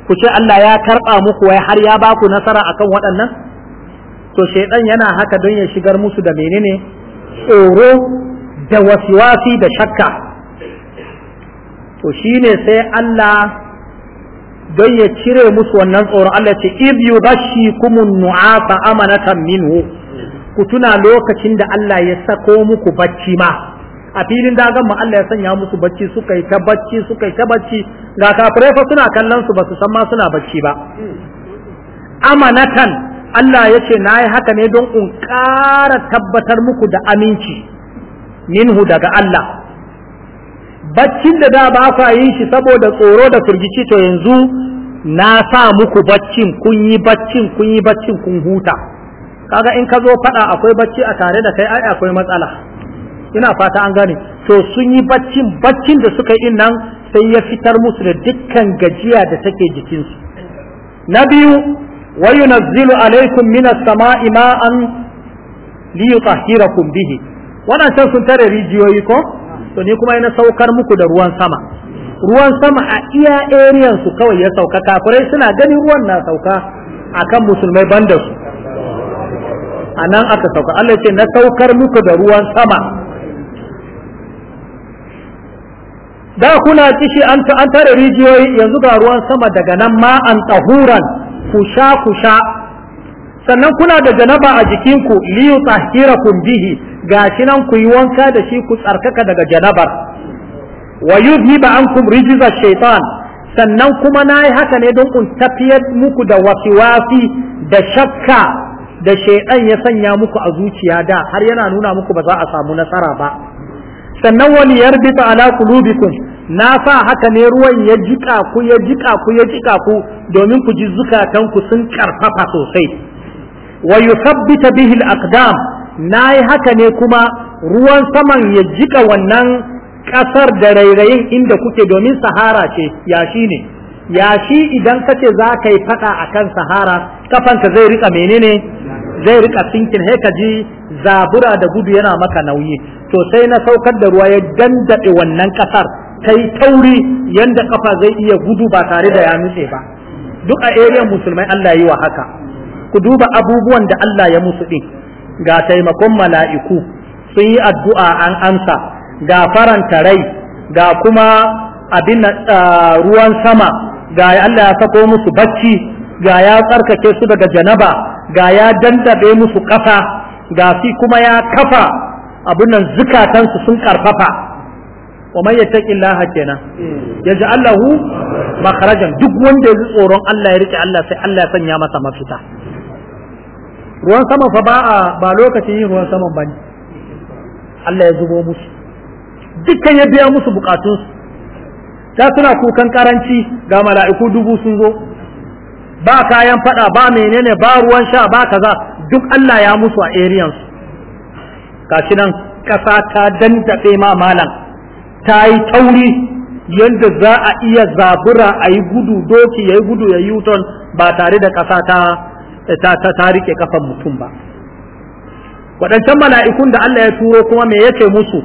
ku ce Allah ya karɓa muku wai har ya baku nasara akan waɗannan to shaidan yana haka don ya shigar musu da menene tsoro da wasiwasi da shakka to shi ne sai Allah don ya cire musu wannan tsoron Allah ce iz yubashi kumun nu'afa amanatan minhu ku tuna lokacin da Allah ya sako muku bacci ma a filin dagan mu Allah ya sanya musu bacci suka yi ta bacci suka yi ta bacci ga kafirai fa suna kallon su ba su san ma suna bacci ba amanatan Allah ya ce na yi haka ne don in ƙara tabbatar muku da aminci minhu daga Allah baccin da da ba kwa yin shi saboda tsoro da firgici to yanzu na sa muku baccin kun yi baccin kun yi baccin kun huta kaga in ka zo fada akwai bacci a tare da kai ai akwai matsala ina fata an gane to sun yi baccin baccin da suka yi nan sai ya fitar musu da dukkan gajiya da take jikinsu na biyu wa yunazzilu alaikum minas sama'i ma'an liyutahhirakum bihi wadancan sun tare rijiyoyi ko to ni kuma na saukar muku da ruwan sama ruwan sama a iya area su kawai ya sauka kafirai suna gani ruwan na sauka akan musulmai banda su a nan aka sauka Allah ce na saukar muku da ruwan sama da kuna kishi an tare rijiyoyi yanzu ga ruwan sama daga nan ma an tsahuran kusha kusha sannan kuna da janaba a jikinku liyu tahirakum bihi gashi nan ku yi wanka da shi ku tsarkaka daga janabar wa an ankum rijza shaitan sannan kuma nayi haka ne don kun tafiyar muku da wasiwasi da shakka da shaitan ya sanya muku a zuciya da har yana nuna muku ba za a samu nasara ba sannan wani yarbita ala kulubikum na sa haka ne ruwan ya jika ku ya jika ku ya jika ku domin ku ji zukatanku sun karfafa sosai wa yuthabbita bihi al-aqdam nayi haka ne kuma ruwan saman ya jika wannan ƙasar da rairayin inda kuke domin sahara ce yashi ne yashi idan kace za ka yi fada akan sahara kafanka zai rika menene zai rika sinkin sai zabura da gudu yana maka nauyi to sai na saukar da ruwa ya dandade wannan ƙasar. Kai tauri yanda kafa zai iya gudu ba tare da ya nutse ba duk a area musulmai Allah yi wa haka ku duba abubuwan da Allah ya musu ɗin ga taimakon mala'iku sun yi addu'a an amsa ga faranta rai ga kuma abin ruwan sama ga Allah ya sako musu bacci ga ya tsarkake su daga janaba ga ya dandabe musu ƙasa ga fi kuma ya kafa abin nan zukatansu sun ƙarfafa wa man yattaqi Allah kenan yaji lahu makharajan duk wanda ya ji tsoron Allah ya rike Allah sai Allah ya sanya masa mafita ruwan sama fa ba a ba lokacin yin ruwan saman ne. Allah ya zubo musu dukkan ya biya musu bukatunsu ta suna kukan karanci ga mala'iku dubu sun zo ba kayan fada ba menene ba ruwan sha ba kaza duk Allah ya musu a ariyan su nan kasa ta dandaɓe ma malam ta yi tauri yadda za a iya zabura a yi gudu doki ya yi gudu ya yi ba tare da kasa ta ta ta rike kafan mutum ba waɗancan mala'ikun da Allah ya turo kuma me yake musu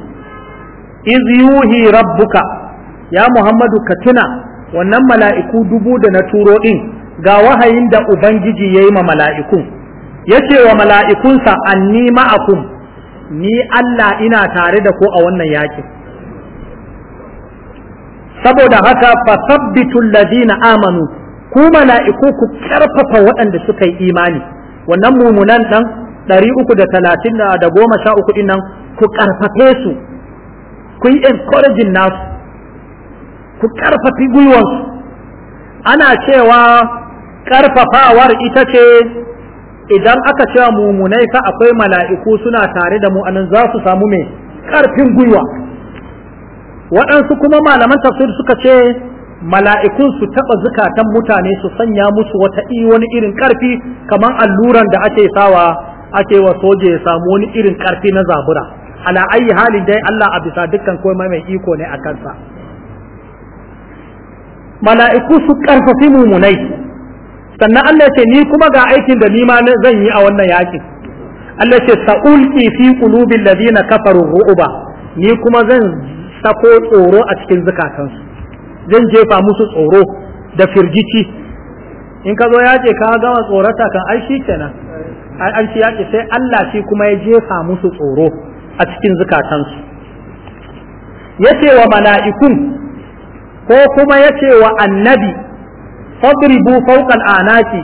iz yuhi rabbuka ya Muhammadu ka tuna wannan mala'iku dubu da na turo din ga wahayin da ubangiji yayi ma mala'ikun yace wa mala'ikunsa anni ma'akum ni Allah ina tare da ku a wannan yakin saboda haka sabbitul ladina amanu ku mala'iku ku karfafa waɗanda suka yi imani wannan mumunan dan ɗari uku da talatin da goma sha uku nan ku karfafe su ku yi encouraging nasu ku karfafi gwiwansu ana cewa karfafawar ita ce idan aka cewa mumunai fa akwai mala'iku suna tare da mu anan za su samu mai karfin gwiwa waɗansu kuma malaman tafsir suka ce mala'ikun su taɓa zukatan mutane su sanya musu wata wani irin ƙarfi kamar alluran da ake sawa ake wa soja ya samu wani irin ƙarfi na zabura ala ayi halin dai Allah a bisa dukkan komai mai iko ne a kansa mala'iku su ƙarfafi mumunai sannan Allah ce ni kuma ga aikin da ni ma zan yi a wannan yakin Allah ce sa'ulki fi qulubil ladina kafaru ru'uba ni kuma zan sako tsoro a cikin zukatansu zan jefa musu tsoro da firgici in ka zo ya ce ka gama tsorata kan ai shi kenan ai shi ya sai Allah shi kuma ya jefa musu tsoro a cikin zukatansu yace wa mala'ikun ko kuma yace wa annabi fadribu fawqa anati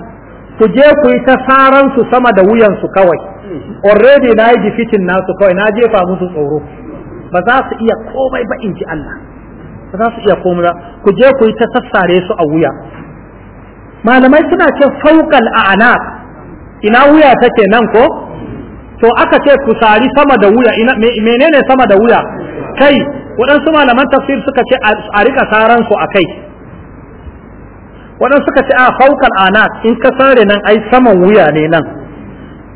ku je ku yi ta saransu sama da wuyan su kawai already na yi jifitin nasu kawai na jefa musu tsoro ba za su iya komai ba in ji Allah ba za su iya komai ba ku je ku yi ta sassare su a wuya malamai suna ce faukal a'na ina wuya take nan ko to aka ce ku sari sama da wuya ina menene sama da wuya kai waɗansu malaman tafsir suka ce a rika saran ku a kai waɗansu suka ce a faukal a'na in ka sare nan ai saman wuya ne nan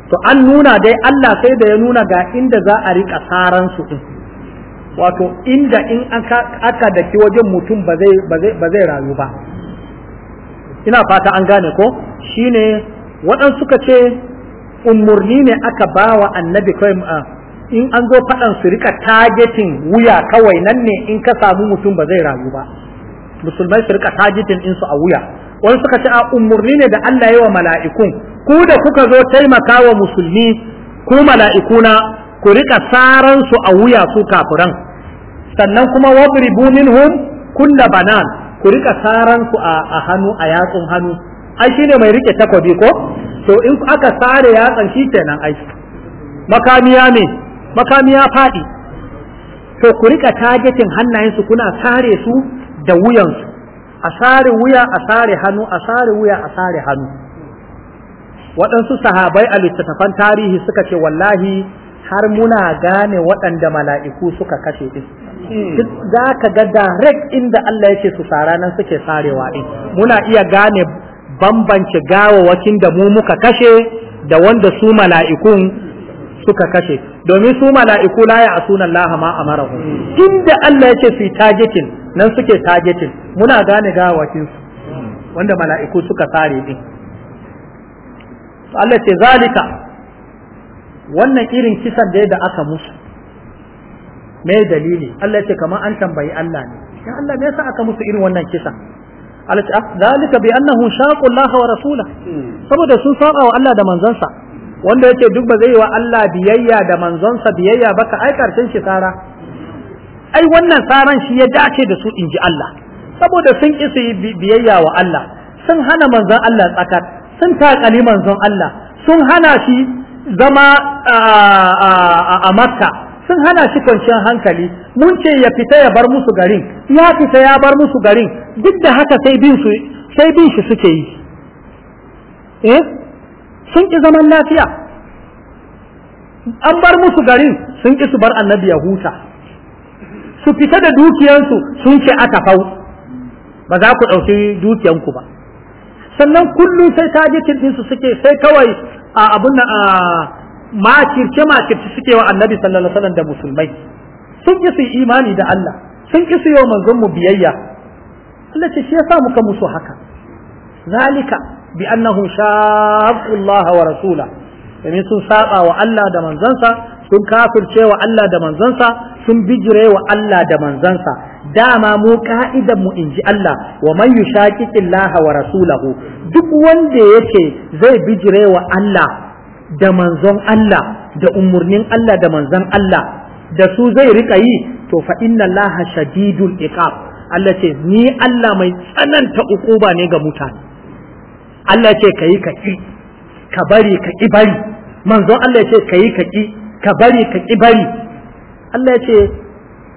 to an nuna dai Allah sai da ya nuna ga inda za a rika saran su din wato inda in aka daki wajen mutum ba zai rayu ba ina fata an gane ko shine waɗansu suka ce umarni ne aka ba wa annabi kawai in an zo faɗan su rika targeting wuya kawai nan ne in ka samu mutum ba zai rayu ba musulmai su rika targeting insu a wuya wani suka ce a umarni ne da Allah yi wa mala'ikun ku da kuka zo taimaka wa musulmi ku mala'ikuna ku rika saran a wuya su kafiran sannan kuma wadribu minhum kulla banan ku rika saran su a hannu a yatsun hannu ai shine mai rike takobi ko to in aka sare yatsan shi kenan ai makamiya ne makamiya fadi to ku rika tagetin hannayen su kuna sare su da wuyan su a sare wuya a sare hannu a sare wuya a sare hannu waɗansu sahabai a littattafan tarihi suka ce wallahi har muna gane waɗanda mala'iku suka kashe din za ka ga direct inda Allah yake su sara nan suke sarewa din muna iya gane bambance gawawakin da mu muka kashe da wanda su mala'ikun suka kashe domin su mala'iku la ya asuna Allah ma amarahu inda Allah yake su targetin nan suke targetin muna gane gawawakin su wanda mala'iku suka sare din Allah ce zalika wannan irin kisan da aka musu me dalili Allah ce kamar an tambayi Allah ne ya Allah me yasa aka musu irin wannan kisa Allah ce ah, zalika bi annahu shaqu Allah wa rasula hmm. saboda sun saba wa Allah da manzansa wanda yake duk ba zai wa Allah biyayya da manzonsa biyayya ba ka ai karshen shi tsara ai wannan tsaran shi ya dace da su inji Allah saboda sun isa biyayya wa Allah sun hana manzon Allah tsakar sun takali manzon Allah sun hana shi zama a Makka sun hana shi kwanciyar hankali mun ce ya fita ya bar musu garin ya fita ya bar musu garin duk da haka sai bin su sai bin shi suke yi eh sun ki zaman lafiya an bar musu garin sun ki su bar annabi ya huta su fita da dukiyansu sun ce aka fau ba za ku ɗauki dukiyanku ba sannan kullum sai targetin ɗinsu suke sai kawai a abun a makirce makirce suke wa annabi sallallahu alaihi wasallam da musulmai sun ki su imani da Allah sun ki su yau manzon mu biyayya Allah ce shi yasa muka musu haka zalika bi annahu shaqu Allah wa rasula domin sun saba wa Allah da manzansa sun kafirce wa Allah da manzansa sun bijire wa Allah da manzansa dama mu ka'idan mu inji Allah wa man yushaqiqi Allah wa rasulahu duk wanda yake zai bijire wa Allah da manzon Allah da umurnin Allah da manzon Allah da su zai rika yi to fa inna laha shadidul iqab Allah ce ni Allah mai tsananta ukuba ne ga mutane Allah ce kayi ka ki ka bari ka ki bari manzon Allah ce kayi ka ki ka bari ka ki bari Allah ce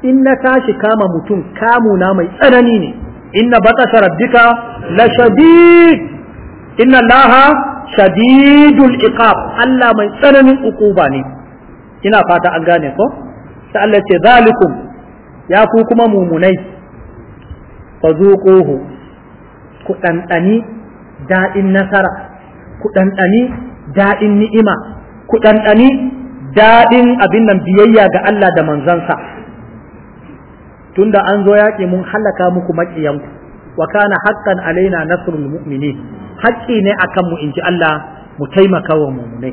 in na tashi kama mutum kamuna mai tsanani ne inna baka rabbika la shadid inna laha shadidul iqab Allah mai tsananin ukuba ne ina fata an gane ko sai Allah ce zalikum ya ku kuma mumunai fazuquhu ku ɗanɗani daɗin nasara ku ɗanɗani daɗin ni'ima ku ɗanɗani daɗin abin nan biyayya ga Allah da manzansa tunda an zo yaƙi mun halaka muku maƙiyanku wa kana haqqan alaina nasrul mu'minin haƙƙi ne akan mu in ji Allah mu taimaka wa mumunai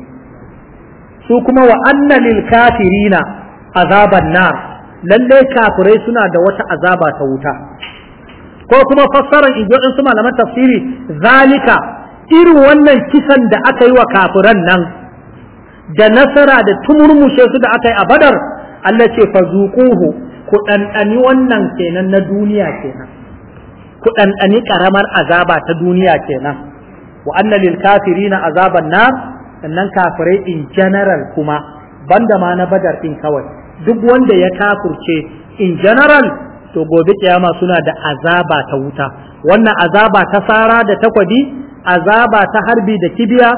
su kuma wa anna lil kafirina azaban nar lalle kafirai suna da wata azaba ta wuta ko kuma fassarar in su malaman tafsiri zalika irin wannan kisan da aka yi wa kafiran nan da nasara da tumurmushe su da aka yi a badar Allah ce fazuquhu ku ɗanɗani wannan kenan na duniya kenan ku ɗanɗani ƙaramar azaba ta duniya kenan wa anna lil kafirina azaban sannan kafirai in general kuma banda ma na badar din kawai duk wanda ya kafurce in general to gobe kiyama suna da azaba ta wuta wannan azaba ta sara da takwadi azaba ta harbi da kibiya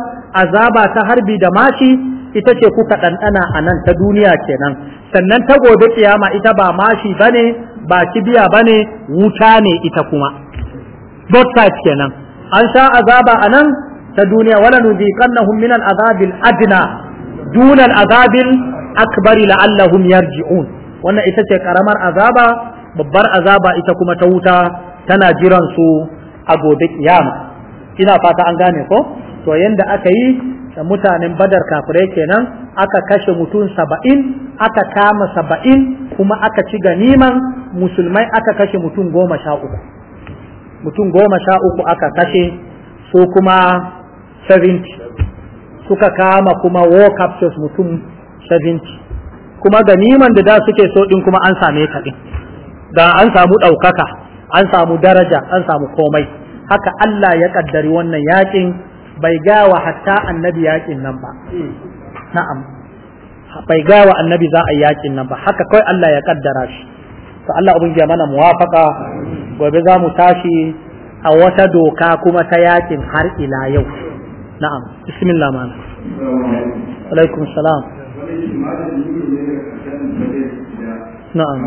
azaba ta harbi da mashi ita ce kuka ɗanɗana a nan ta duniya kenan sannan ta gobe kiyama ita ba mashi bane ba kibiya bane wuta ne ita kuma both sides kenan an sha azaba a nan ta duniya wala nuziqannahum min al-azabil adna duna al-azabil akbar la'allahum yarji'un wannan ita ce karamar azaba babbar azaba ita kuma ta wuta tana jiran su a gobe kiyama ina fata an gane ko to yanda aka yi da mutanen badar kafirai kenan aka kashe mutum saba'in aka kama saba'in kuma aka ci ganiman musulmai aka kashe mutum goma sha uku mutum goma sha uku aka kashe su kuma 70 suka kama kuma war captures mutum 70 kuma ganiman da da suke so din kuma an same ta din da an samu ɗaukaka an samu daraja an samu komai haka Allah ya kaddari wannan yakin bai gawa hatta annabi yakin nan ba na'am bai gawa annabi za a yakin nan ba haka kawai Allah ya kaddara shi to Allah ubangiji mana muwafaqa gobe za mu tashi a wata doka kuma ta yakin har ila yau na'am bismillah ma'ana alaikum salam na'am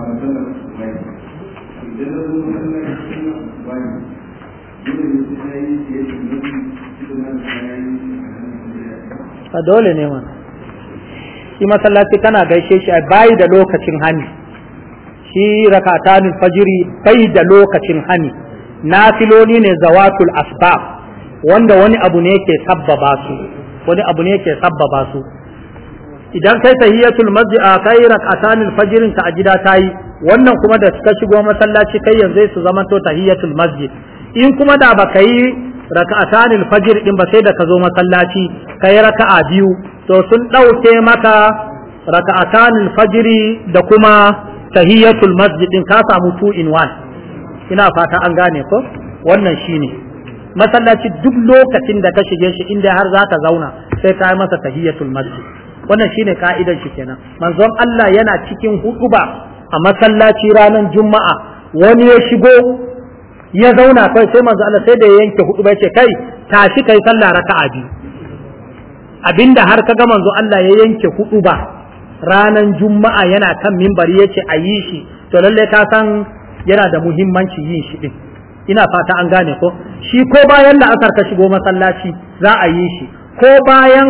a dole ne ma shi masallaci tana gaishe shi a bayi da lokacin hannu shi rakatanin fajiri bai da lokacin hani nafiloni ne zawatul asbab wanda wani abu ne ke sabbaba su wani abu ne ke idan kai tahiyatul masjid a kai rak'atan fajirin ta a gida tayi wannan kuma da suka shigo masallaci kai yanzu su zama to tahiyatul masjid in kuma da baka yi rak'atan fajiri din ba sai da ka zo masallaci kai raka'a biyu to sun dauke maka raka'atanil fajiri da kuma Tahiyyatul masjid ɗin ka samu two in one ina fata an gane ko wannan shine masallaci duk lokacin da ka shige shi inda har za ta zauna sai ta yi masa tahiyyatul masjid wannan shine ka'idan shi kenan manzon Allah yana cikin hutuba a masallaci ranar juma'a wani ya shigo ya zauna kai sai manzon Allah sai da ya yanke hutuba ya ce kai tashi kai sallah raka'a biyu abinda har kaga manzon Allah ya yanke hutuba ranan juma'a yana kan mimbari yace a yi shi to lalle ka san yana da muhimmanci yin shi din ina fata an gane ko shi ko bayan la'asar ka shigo masallaci za a yi shi ko bayan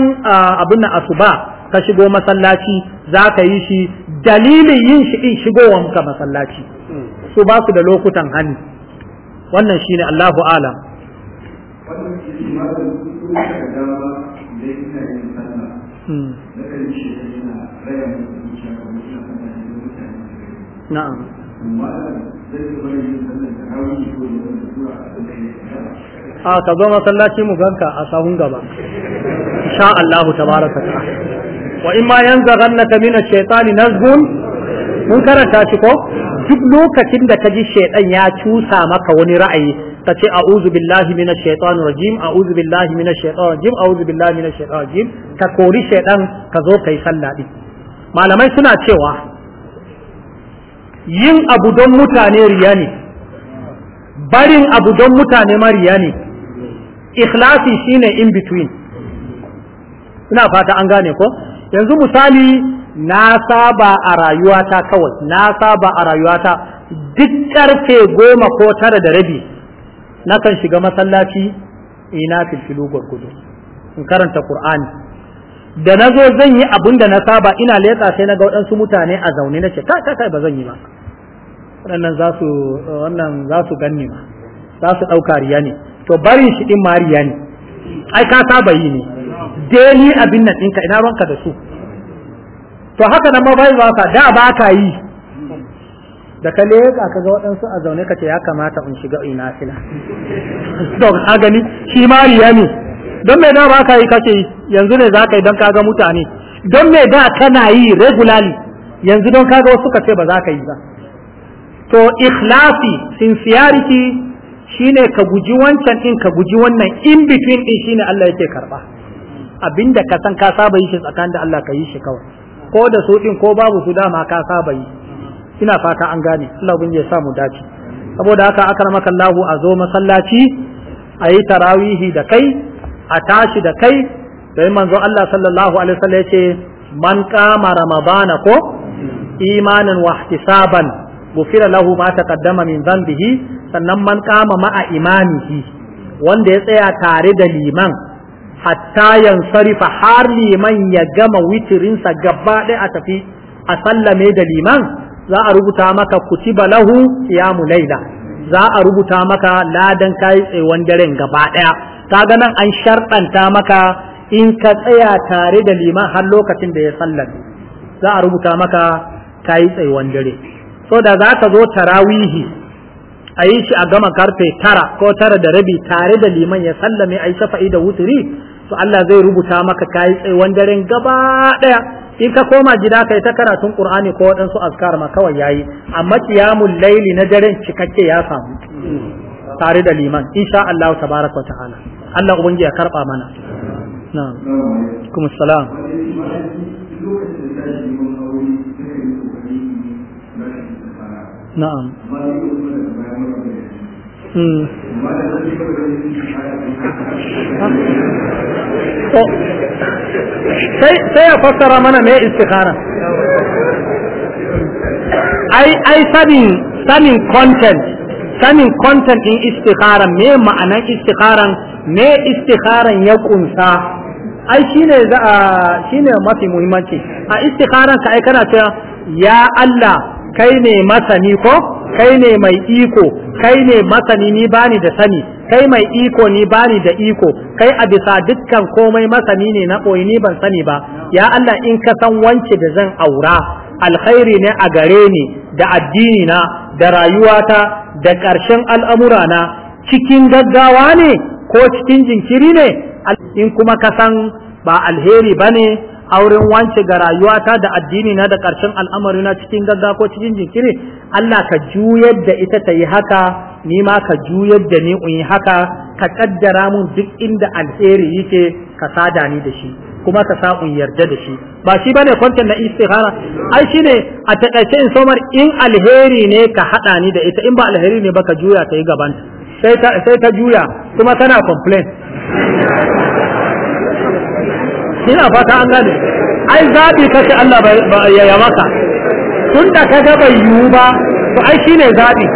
abin nan asuba ka shigo masallaci za ka yi shi dalilin yin shi din shigowan ka masallaci su ba su da lokutan hani wannan shine Allahu alam wannan shi na'am a ah, ka zo masallaci mu ganka a sahun gaba sha Allahu tabaraka ta'ala wa in ma yanzu yanzaghannaka min ash-shaytani nazghun mun karanta shi ko duk lokacin da kaji shaytan ya cusa maka wani ra'ayi ka ce a'udhu billahi minash shaitani rajim a'udhu billahi minash shaitani rajim a'udhu billahi minash shaitani rajim ka kori shaytan ka zo kai sallah din malamai suna cewa yin abu don mutane riya ne barin abu don mutane ma riya ne ikhlasi shine in between ina fata an gane ko yanzu misali na saba a rayuwata kawai na saba a rayuwata duk karfe goma ko tara da rabi na kan shiga masallaci ina filfilu gwargudu in karanta qur'ani da na zo zan yi abin da na saba ina leƙa sai na ga waɗansu mutane a zaune na ce ka kai kai ba zan yi ba waɗannan za su wannan za su ganni ma za su ɗauka riya ne to barin shi ɗin ma riya ne ai ka saba yi ne daily abin nan ɗinka ina ruwanka da su to haka nan ma bai ba ka da ba ka yi da ka leƙa ka ga waɗansu a zaune ka ce ya kamata in shiga ina fila to a gani shi ma riya ne don me da ba ka yi kake yanzu ne za ka yi don kaga mutane don me da kana yi regularly yanzu don kaga wasu ka ce ba za ka yi ba to ikhlasi sincerity shine ka guji wancan in ka guji wannan in between din shine Allah yake karba abinda ka san ka saba yi shi tsakanin da Allah ka yi shi kawai ko da su din ko babu su dama ka saba yi ina fata an gane Allah bin ya mu dace saboda haka akramaka Allahu a zo masallaci ayi tarawihi da kai a tashi da kai sai manzo Allah sallallahu alaihi wasallam yace man qama ramadana ko imanan wa ihtisaban gufira lahu ma taqaddama min dhanbihi sannan man qama ma'a imanihi wanda ya tsaya tare da liman hatta yansarifa har liman ya gama witirinsa gaba ɗaya a tafi a sallame da liman za a rubuta maka kutiba lahu qiyamul laila za a rubuta maka ladan kai tsewan daren gaba ɗaya kaga nan an sharɗanta maka in ka tsaya tare da liman har lokacin da ya sallar za a rubuta maka ka yi tsayuwan dare so da za ka zo tarawihi a yi shi a gama karfe tara ko tara da rabi tare da liman ya sallame a yi da wuturi to Allah zai rubuta maka ka yi tsayuwan daren gaba ɗaya in ka koma gida kai ta karatun Qur'ani ko waɗansu azkar ma kawai yayi amma qiyamul laili na daren cikakke ya samu tare da liman insha Allah tabaraka wa ta'ala Allah ubangiji ya karba mana na'am kuma salam na'am hmm. oh. sai ya fassara mana mai istikhara ai ai sanin sanin content sanin kwantan in istikharan me ma'anan istikharan me istikharan ya kunsa ai shine za a shine mafi muhimmanci a istikharan ka ai kana cewa ya Allah kai ne masani ko kai ne mai iko kai ne masani ni bani da sani kai mai iko ni bani da iko kai a bisa dukkan komai masani ne na koyi ni ban sani ba ya Allah in ka san wance da zan aura alkhairi ne a gare ni da addini na da rayuwata da ƙarshen al'amura na cikin gaggawa ne ko cikin jinkiri ne in kuma ka san ba alheri ba ne auren wance ga rayuwata da addini na da ƙarshen al'amari na cikin gaggawa ko cikin jinkiri Allah ka juyar da ita ta yi haka ni ma ka juyar da ni in yi haka ka ƙaddara mun duk inda alheri yake ka sada ni da shi kuma ta samu yarda da shi ba shi bane kwantar na istikhara ai shine a takaice in somar in alheri ne ka hada ni da ita in ba alheri ne ba ka juya ta yi gaban sai ta sai ta juya kuma tana complain ina fata an gane ai zabi kace Allah ba ya maka tunda ga bai yiwu ba to ai shine zabi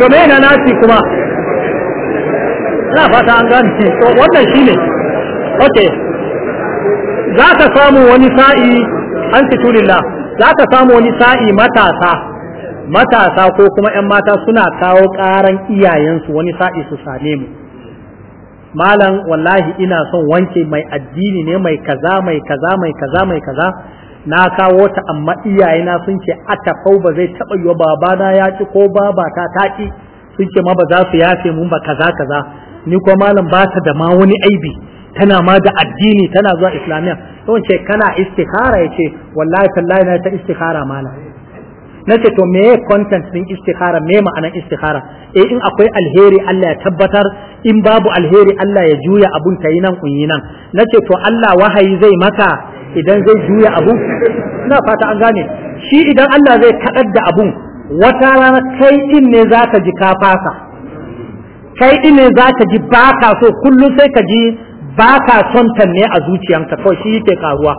to me na nasi kuma ina fata an gane To wannan shine okay za ka samu wani sa'i an za ka samu wani sa'i matasa matasa ko kuma 'yan mata suna kawo ƙaran iyayensu wani sa'i su same mu malam wallahi ina son wanke mai addini ne mai kaza mai kaza mai kaza mai kaza na kawo ta amma iyayena sun ce atafau ba zai taɓa yiwa babana ya ci ko babata ta ki sun ce ma ba za su yafe mun ba kaza kaza ni ko malam ba ta da ma wani aibi tana ma da addini tana zuwa islamiyya to ce kana istikhara yace wallahi tallahi na ta istikhara mala nace to me content din istikhara me ma'anar istikhara eh in akwai alheri Allah ya tabbatar in babu alheri Allah ya juya abun tayi nan kun nan nace to Allah wahayi zai maka idan zai juya abu? ina fata an gane shi idan Allah zai kadar da abun wata rana kai din ne zaka ji ka fasa kai din ne zaka ji baka so kullum sai ka ji ba ka son ta ne a zuciyanka kawai shi yake karuwa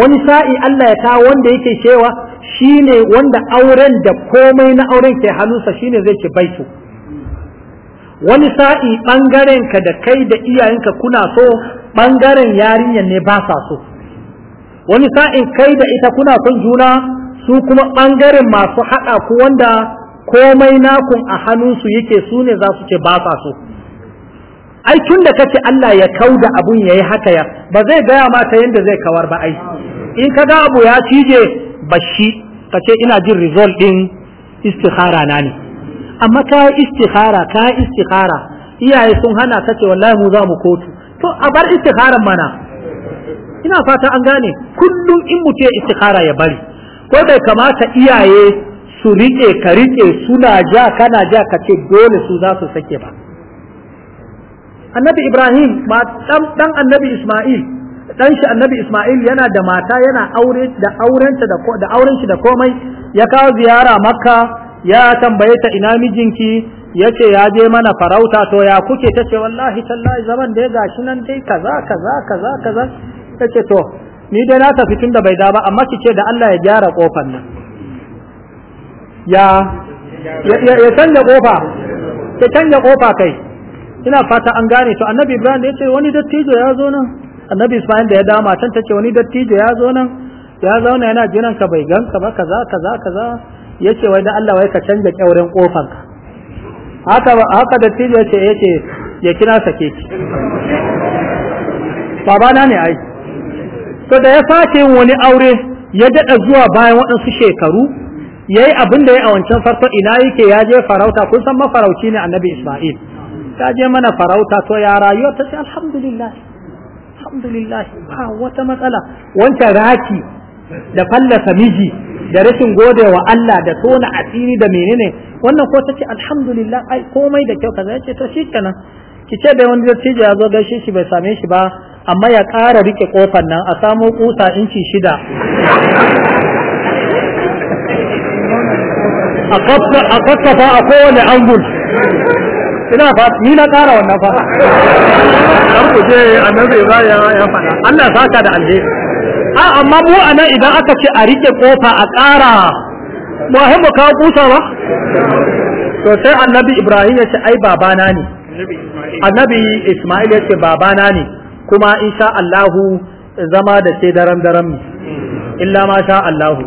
wani sa'i Allah ya kawo wanda yake cewa shine wanda auren da komai na auren ke hannunsa shi zai ke baitu wani sa'i ka da kai da iyayenka kuna so ɓangaren yarinyar ne ba sa so wani sa'i kai da ita kuna son juna su kuma ɓangaren masu haɗa ku wanda komai nakun a hannunsu yake su ne za su ce ba sa so ai tun da kace Allah ya kauda abun yayi haka ya ba zai gaya ma ta yanda zai kawar ba ai in ka ga abu ya cije bashi ka ce ina jin result din istikhara na ne amma ka istikhara ka istikhara iyaye sun hana ka ce wallahi mu za mu kotu to a bar istikharan mana ina fata an gane kullum in mu ya istikhara ya bari ko bai kamata iyaye su riƙe ka riƙe suna ja kana ja ka ce dole su za su sake ba annabi ibrahim dan annabi isma'il dan shi annabi isma'il yana da mata yana aure da aurenta da da auren shi da komai ya kawo ziyara makka ya tambaye ta ina mijinki yace ya je mana farauta to ya kuke tace wallahi tallahi zaman da gashi nan dai kaza kaza kaza kaza tace to ni dai na tafi tunda bai da ba amma kice da Allah ya gyara kofar nan ya ya canja kofa ya canja kofa kai ina fata an gane to annabi ibrahim da ya ce wani dattijo ya zo nan annabi ismail da ya dawo matan ta ce wani dattijo ya zo nan ya zauna yana jiran ka bai ganka ba kaza kaza kaza ya ce wai da Allah wai ka canja kyauren ka haka haka dattijo ya ce ya ce kira sake ki babana ne ai to da ya sake wani aure ya daɗa zuwa bayan waɗansu shekaru yayi yi abin ya a wancan farko ina yake ya je farauta kun san mafarauci ne annabi isma'il ta je mana farauta to ya rayuwa ta ce alhamdulillah alhamdulillah ba wata matsala wancan raki da fallasa miji da rashin gode wa Allah da tona asiri da menene wannan ko ta ce alhamdulillah ai komai da kyau kaza ce to shikenan ki ce bai wani dattijo ya zo gaishe shi bai same shi ba amma ya ƙara rike kofar nan a samo kusa inci shida a kasafa a kowane angul ina fa ni na kara wannan fa dan ku annabi Ibrahim ya faɗa Allah saka da alheri a amma mu anan idan aka ce a rike kofa a ƙara ba he mu kawo kusa ba to sai annabi Ibrahim ya ce ai babana ne annabi Ismail ya ce babana ne kuma insha Allahu zama da ke daren daren mu illa ma sha Allahu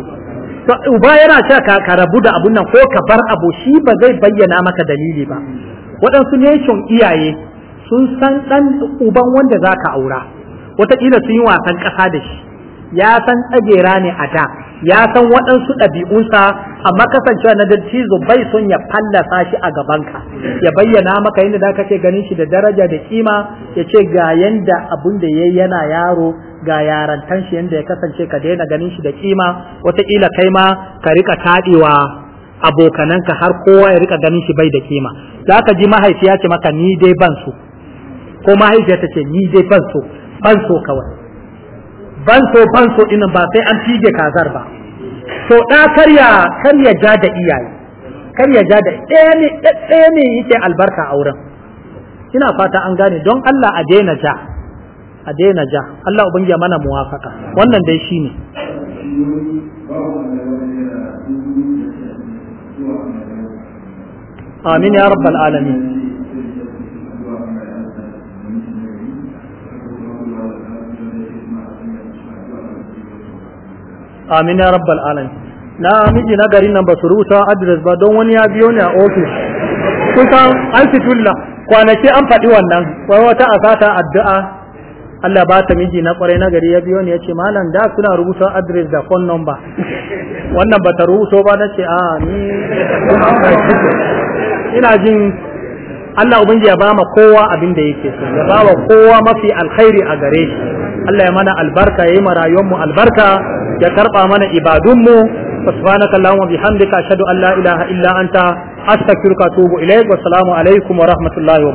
uba yana cewa ka rabu da abun nan ko ka bar abu shi ba zai bayyana maka dalili ba waɗansu nation iyaye sun san ɗan uban wanda za ka aura wataƙila sun yi wasan ƙasa da shi ya san tsagera ne a da ya san waɗansu ɗabi'unsa amma kasancewa na dattizo bai son ya fallasa shi a gabanka ya bayyana maka yadda da ce ganin shi da daraja da kima ya ce ga yanda abun da yayi yana yaro ga yarantan shi yanda ya kasance ka daina ganin shi da kima wataƙila kai ma ka rika taɗewa abokananka har kowa ya rika ganin shi bai da kima za ka ji mahaifiya ce maka ni dai ban so ko mahaifiya ta ce ni dai ban so ban so kawai ban so ban so dinan ba sai an fige kazar ba so da karya karya ja da iyaye karya ja da ɗaya ne ɗaya ne yake albarka auren, ina fata an gane don Allah a daina ja a daina ja Allah ubangiya mana muwafaka wannan dai shine amin ya rabbal alamin na miji na garin nan ba su rubuta adres ba don wani ya biyo ni a ofis kusan an fitulla kwanaki an faɗi wannan wai wata asata addu'a Allah ba ta miji na kwarai na gari ya biyo ni ya ce malam da suna rubuta address da phone number wannan ba ta rubuto ba na ce a ni ina jin Allah ubangiji ya ba ma kowa abin da yake so ya ba wa kowa mafi alkhairi a gare shi Allah ya mana albarka ya yi ma mu albarka ya karba mana ibadunmu subhanaka allahumma bihamdika ashhadu an la ilaha illa anta astaghfiruka wa atubu ilaik wa assalamu alaikum wa rahmatullahi wa